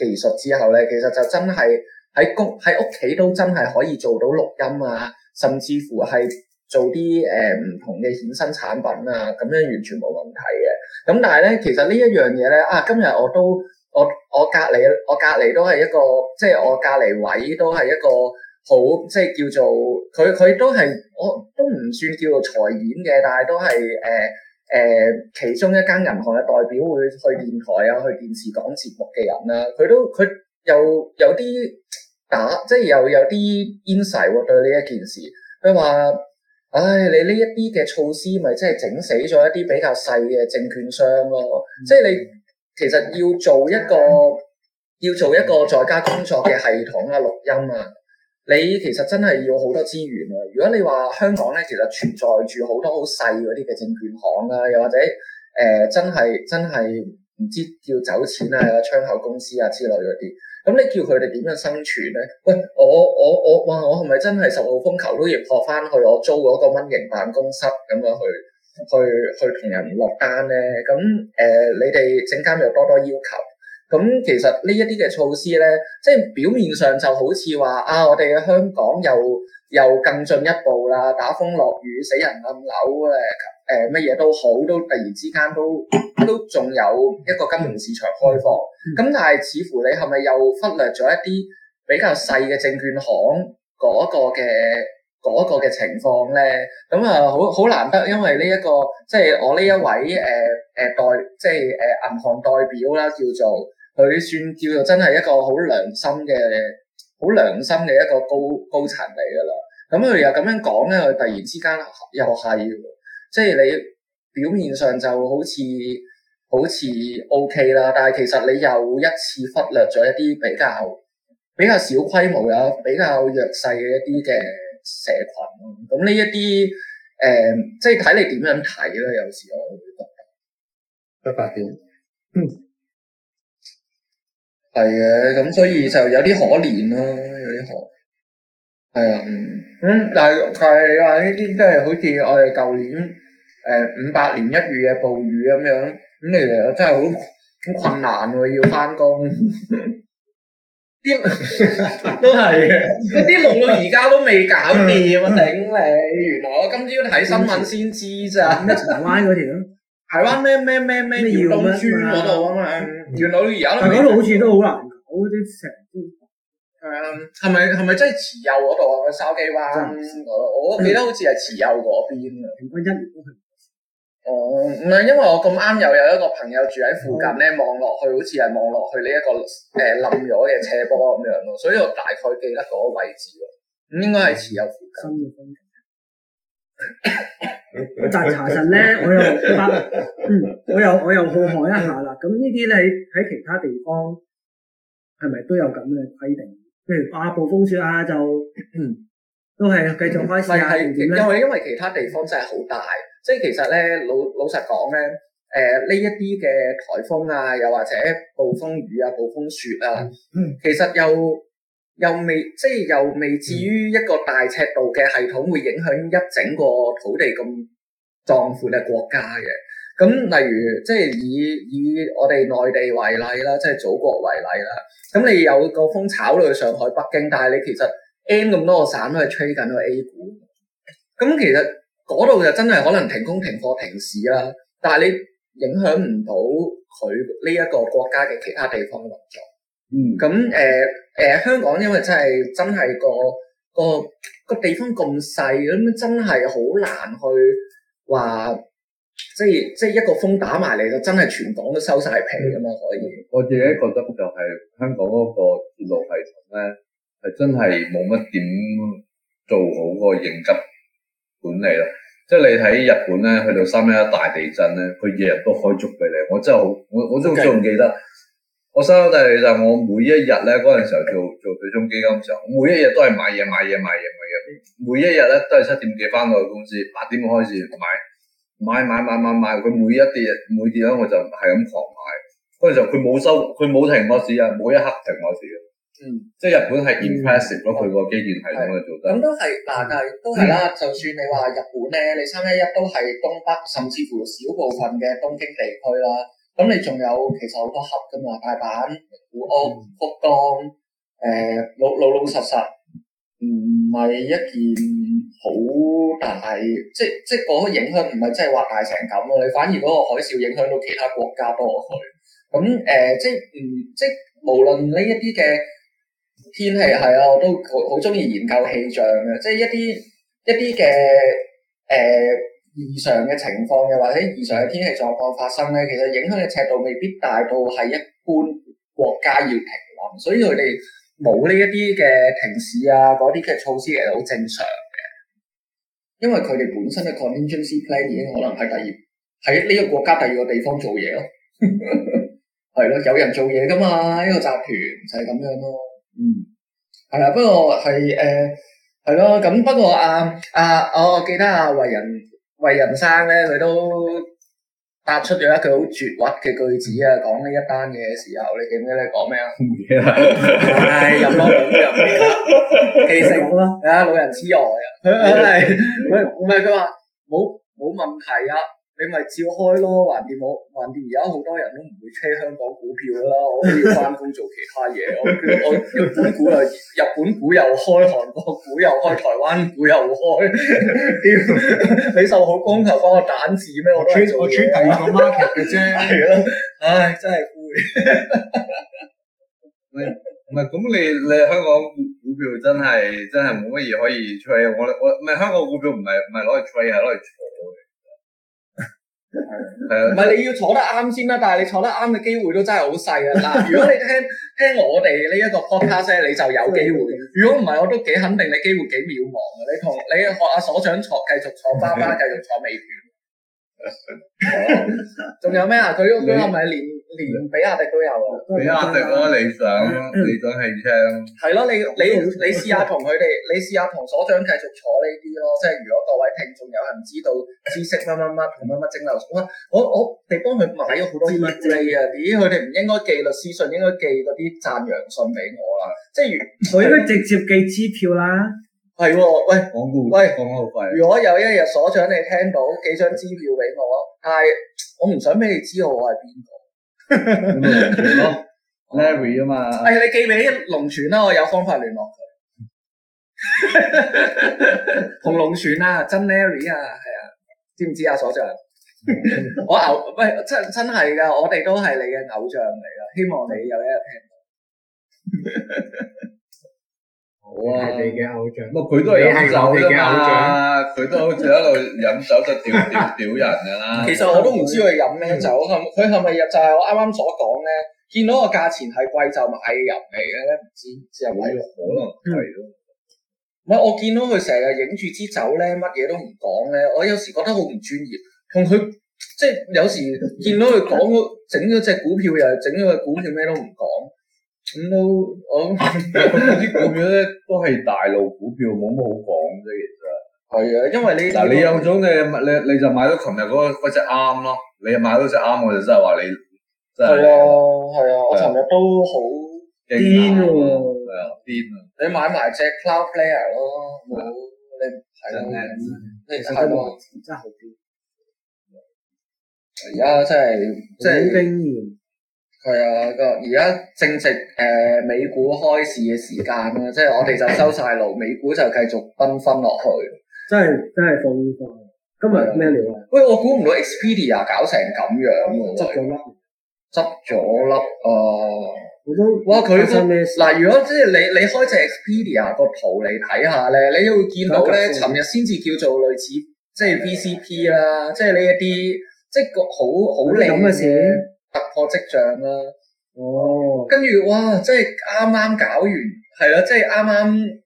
技術之後咧，其實就真係喺屋喺屋企都真係可以做到錄音啊，甚至乎係，做啲誒唔同嘅衍生產品啊，咁樣完全冇問題嘅。咁但係咧，其實一呢一樣嘢咧啊，今日我都我我隔離我隔離都係一個，即係我隔離位都係一個好即係叫做佢佢都係我都唔算叫做財演嘅，但係都係誒誒其中一間銀行嘅代表會去電台啊，去電視講節目嘅人啦、啊。佢都佢有有啲打即係又有啲 insight 喎對呢一件事，佢話。唉，你呢一啲嘅措施，咪即係整死咗一啲比較細嘅證券商咯。嗯、即係你其實要做一個要做一個在家工作嘅系統啊，錄音啊，你其實真係要好多資源啊。如果你話香港咧，其實存在住好多好細嗰啲嘅證券行啊，又或者誒、呃，真係真係唔知要走錢啊，窗口公司啊之類嗰啲。咁你叫佢哋點樣生存咧？喂，我我我，哇！我係咪真係十號風球都要撲翻去我租嗰個蚊型辦公室咁樣去去去同人落單咧？咁誒、呃，你哋整監又多多要求。咁其實呢一啲嘅措施咧，即係表面上就好似話啊，我哋嘅香港又又更進一步啦，打風落雨死人冧樓咧。誒乜嘢都好，都突然之間都都仲有一個金融市場開放，咁但係似乎你係咪又忽略咗一啲比較細嘅證券行嗰個嘅嗰個嘅情況咧？咁啊，好好難得，因為呢、這、一個即係、就是、我呢一位誒誒、呃、代，即係誒銀行代表啦，叫做佢算叫做真係一個好良心嘅好良心嘅一個高高層嚟㗎啦。咁佢又咁樣講咧，佢突然之間又係。即係你表面上就好似好似 OK 啦，但係其實你又一次忽略咗一啲比較比較小規模啦、啊、比較弱勢嘅一啲嘅社群、啊。咯、嗯。咁呢一啲誒、呃，即係睇你點樣睇啦。有時我會覺得，不發表，嗯，係嘅。咁所以就有啲可憐咯、啊，有啲可憐，係啊。嗯，咁但係但係你話呢啲即係好似我哋舊年。誒，五百年一遇嘅暴雨咁樣，咁你哋真係好好困難喎，要翻工，啲 <laughs> <laughs> 都係啲路到而家都未搞掂，我頂 <laughs> 你！原來我今朝睇新聞先知咋？咩柴灣嗰條？柴灣咩咩咩咩條東村嗰度啊嘛？嗯、原來而家都未。柴灣好似都好難搞，啲成堆。誒，係咪係咪真係慈幼嗰度啊？筲箕灣？我我記得好似係慈幼嗰邊啊。嗯嗯嗯嗯哦，唔係，因為我咁啱又有一個朋友住喺附近咧，望落，嗯、去好似係望落去呢一個誒冧咗嘅斜坡咁樣咯，所以我大概記得嗰個位置喎。應該係持有附近。新嘅風景。查查實咧，我又嗯，我又我又去學一下啦。咁呢啲咧喺其他地方係咪都有咁嘅規定？譬如八暴風雪啊，就 <coughs> 都係繼續開市啊？點咧是？因為因為其他地方真係好大。即係其實咧，老老實講咧，誒、呃、呢一啲嘅颱風啊，又或者暴風雨啊、暴風雪啊，嗯、其實又又未，即係又未至於一個大尺度嘅系統會影響一整個土地咁壯闊嘅國家嘅。咁例如，即係以以我哋內地為例啦，即係祖國為例啦。咁你有個風炒到去上海、北京，但係你其實 N 咁多個省都係吹緊個 A 股，咁其實。嗰度就真係可能停工停課停市啦，但係你影響唔到佢呢一個國家嘅其他地方運作。嗯，咁誒誒，香港因為真係真係個個個地方咁細，咁真係好難去話，即係即係一個風打埋嚟就真係全港都收晒皮咁嘛。可以、嗯，我自己覺得就係、是、香港嗰個鐵路系統咧，係真係冇乜點做好個應急管理咯。即係你喺日本咧，去到三一一大地震咧，佢日日都可以捉俾你。我真係好，我我都仲記得 Okay. 我收到第地震，我每一日咧，嗰陣時候做做對沖基金時候，每一日都係買嘢買嘢買嘢買嘢，每一日咧都係七點幾翻到去公司，八點開始買買買買買買，佢每一跌每一跌咧，我就係咁狂買。嗰陣時候佢冇收，佢冇停過市啊，冇一刻停過市嗯，即係日本係 impressive 嗰佢、嗯、個基建係點樣做得咁、嗯嗯、都係，嗱、啊，但係都係啦。就算你話日本咧，你三一一都係東北，甚至乎少部分嘅東京地區啦。咁你仲有其實好多核噶嘛，大阪、名古屋、哦、福岡，誒、呃，老老老實實唔係、嗯、一件好大，即係即係嗰個影響唔係真係話大成咁咯。你反而嗰個海嘯影響到其他國家多。佢。咁、呃、誒，即係唔、嗯、即係無論呢一啲嘅。天氣係啊，我都好好中意研究氣象嘅，即係一啲一啲嘅誒異常嘅情況又或者異常嘅天氣狀況發生咧，其實影響嘅尺度未必大到係一般國家要停運，所以佢哋冇呢一啲嘅停市啊嗰啲嘅措施其實好正常嘅。因為佢哋本身嘅 contingency plan 已經可能喺第二喺呢個國家第二個地方做嘢咯，係 <laughs> 咯，有人做嘢噶嘛，呢、這個集團就係、是、咁樣咯。嗯，係啦，不過係誒，係、呃、咯，咁不過阿、啊、阿、啊、我記得阿、啊、為人，為人生咧，佢都答出咗一句好絕核嘅句子啊，講呢一單嘢嘅時候，你記唔記得？你講咩啊？唔記得啦，唉、 <laughs> <laughs> 哎，飲多酒又記性啊，老人痴呆、呃、啊，唔係唔係佢話冇冇問題啊？你咪照開咯，橫掂我橫掂而家好多人都唔會 trade 香港股票啦，我都要翻工做其他嘢， <laughs> 我我日本股又日本股又開，韓國股又開，台灣股又開， <laughs> 你受好光頭幫我揀字咩？我我吹咗第二個 market 嘅啫，係咯， <laughs> 啊、唉，真係攰。唔係咁，你你香港股股票真係真係冇乜嘢可以吹。r 我我唔係香港股票唔係唔係攞嚟吹係攞嚟坐。係，唔係 <noise> <noise> 你要坐得啱先啦，但係你坐得啱嘅機會都真係好細啊！嗱，如果你聽聽我哋呢一個 podcast，你就有機會。如果唔係，我都幾肯定你機會幾渺茫啊！你同你學阿所長坐，繼續坐巴巴，繼續坐美團，仲 <laughs> <noise> 有咩啊？佢個嘴係咪連？連比亞迪都有啊！比亞迪咯，理想，理想汽車。係咯，你你你試下同佢哋，你試下同所長繼續坐呢啲咯。即係如果各位聽眾有人知道知識乜乜乜同乜乜蒸流，我我我哋幫佢買咗好多嘢啊！咦，佢哋唔應該寄律師信，應該寄嗰啲讚揚信俾我啦。即係如佢應該直接寄支票啦。係喎，喂廣告，喂廣告費。如果有一日所長你聽到幾張支票俾我，但係我唔想俾你知我係邊個。咁 Larry 啊嘛，哎，你寄俾龍泉啦，我有方法聯絡佢， <laughs> 同龍泉啊，真 Larry 啊，係啊，知唔知啊，所長？ <laughs> 我牛唔係真真係噶，我哋都係你嘅偶像嚟噶，希望你有一日聽到。 <laughs> 好啊！唔係佢都係有酒嘅嘛，佢 <laughs> 都好似喺度飲酒就屌屌人噶啦。其實我都唔知佢飲咩酒，佢佢係咪入就係我啱啱所講咧？見到個價錢係貴就是、買入嚟嘅咧，唔知即係冇可能係咯。唔係 <laughs> 我見到佢成日影住支酒咧，乜嘢都唔講咧，我有時覺得好唔專業。同佢即係有時見到佢講整咗隻股票又整咗隻股票咩都唔講。咁都我啲股票咧都係大陸股票，冇乜好講啫，其實係啊，因為你嗱，你有種你你你就買到琴日嗰個隻啱咯，你買到隻啱我就真係話你真係啊係啊，我琴日都好癲喎，係啊癲啊！你買埋隻 Cloud Player 咯，你唔睇啊？你睇喎，真係好癲！啊真係真經驗。係啊，個而家正值誒美股開市嘅時間啦，即係我哋就收晒路，美股就繼續繽紛落去，真係真係放晒。今日咩料啊？喂，我估唔到 Expedia 搞成咁樣啊！執咗粒，執咗粒啊！我都哇，佢都嗱，如果即係你你開隻 Expedia 個圖嚟睇下咧，你會見到咧，尋日先至叫做類似即係 VCP 啦，即係你一啲，即係個好好靚嘅事。突破跡象啦、啊，哦，跟住哇，即係啱啱搞完，係咯，即係啱啱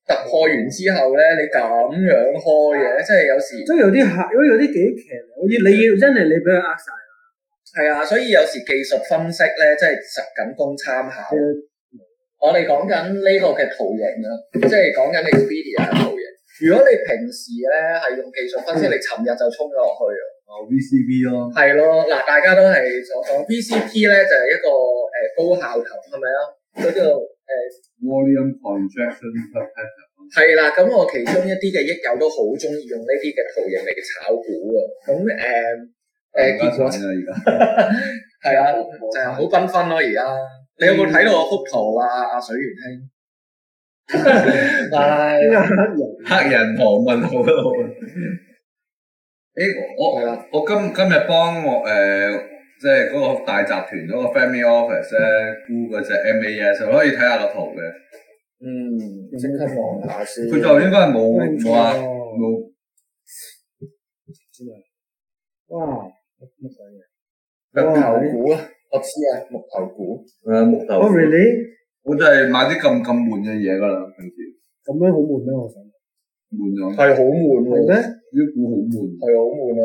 突破完之後咧，你咁樣開嘢，即係有時都有啲客，都有啲幾奇，好似的你要真係你俾佢呃晒啦，係啊，所以有時技術分析咧，即係實僅供參考。的我哋講緊呢個嘅圖形啊，即係講緊你嘅 video 嘅圖形。如果你平時咧係用技術分析，你尋日就衝咗落去。啊。VCP 咯，係咯嗱，大家都係所講 VCP 咧，就係、是、一個誒、呃、高效圖，係咪啊？佢叫做誒。William Jackson Pattern 係啦，咁 Volume projection. <laughs> 我其中一啲嘅益友都好中意用呢啲嘅圖形嚟炒股啊！咁誒誒，係、嗯、啊，就係好繽紛咯而家。你有冇睇到我幅圖啊？阿水源兄， <laughs> <laughs> 黑人黑人狂問好。 <laughs> <laughs> 誒，我我我今今日幫我誒，即係嗰個大集團嗰個 family office 咧，估嗰隻 MAS，可以睇下個圖嘅。嗯，即刻望下先。佢就應該係冇冇啊，冇。哇！木頭股啊，我知啊，木頭股。誒，木頭股。Oh really？我就係買啲咁咁悶嘅嘢噶啦，跟住。咁樣好悶咩？我想。係好悶，呢呢股好悶，係好悶啊，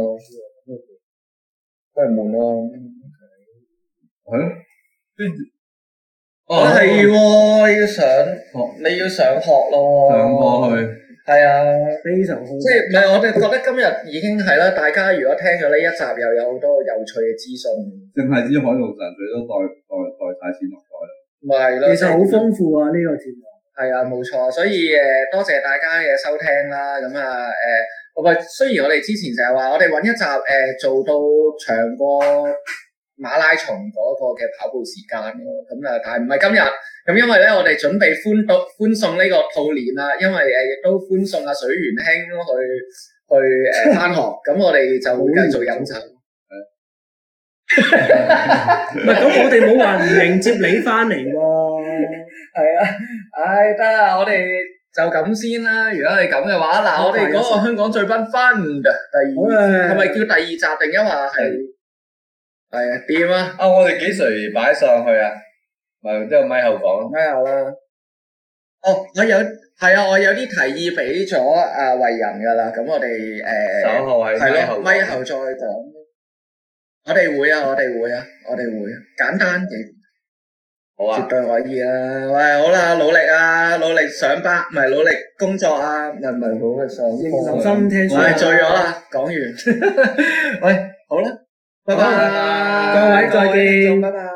真係悶啊，係啊，跟住哦係喎，要上學，你要上學咯，上過去，係啊，非常豐富，即係唔係？我哋覺得今日已經係啦，大家如果聽咗呢一集，又有好多有趣嘅資訊，淨係知海龍神水最多代代代晒錢落袋啦，唔係啦，其實好豐富啊呢個節目。係啊，冇錯，所以誒，多謝大家嘅收聽啦。咁、嗯、啊，誒、嗯，我唔雖然我哋之前就係話我哋搵一集誒、嗯，做到長過馬拉松嗰個嘅跑步時間咯。咁、嗯、啊，但係唔係今日。咁、嗯、因為咧，我哋準備歡到歡送呢個兔年啦，因為誒亦都歡送阿水元兄去去誒翻學。咁 <laughs> 我哋就會繼續飲酒。唔係，咁我哋冇話唔迎接你翻嚟喎。 <laughs> 係啊，唉得啦，我哋就咁先啦。如果係咁嘅話，嗱，我哋嗰個香港最繽紛。第二係咪叫第二集定啊？係係啊，掂啊？啊，我哋幾時擺上去啊？咪即係咪後講，咪後啦。哦，我有係啊，我有啲提議俾咗誒偉人噶啦。咁我哋誒，稍後係咪後？咪後再講。我哋會啊！我哋會啊！我哋會。簡單嘅？好啊，絕對可以啊！喂，好啦，努力啊，努力上班，唔係努力工作啊，唔係唔係好嘅上課，我係醉咗啦，講完，喂 <laughs> 吧，好啦，拜拜，各位再見，拜拜。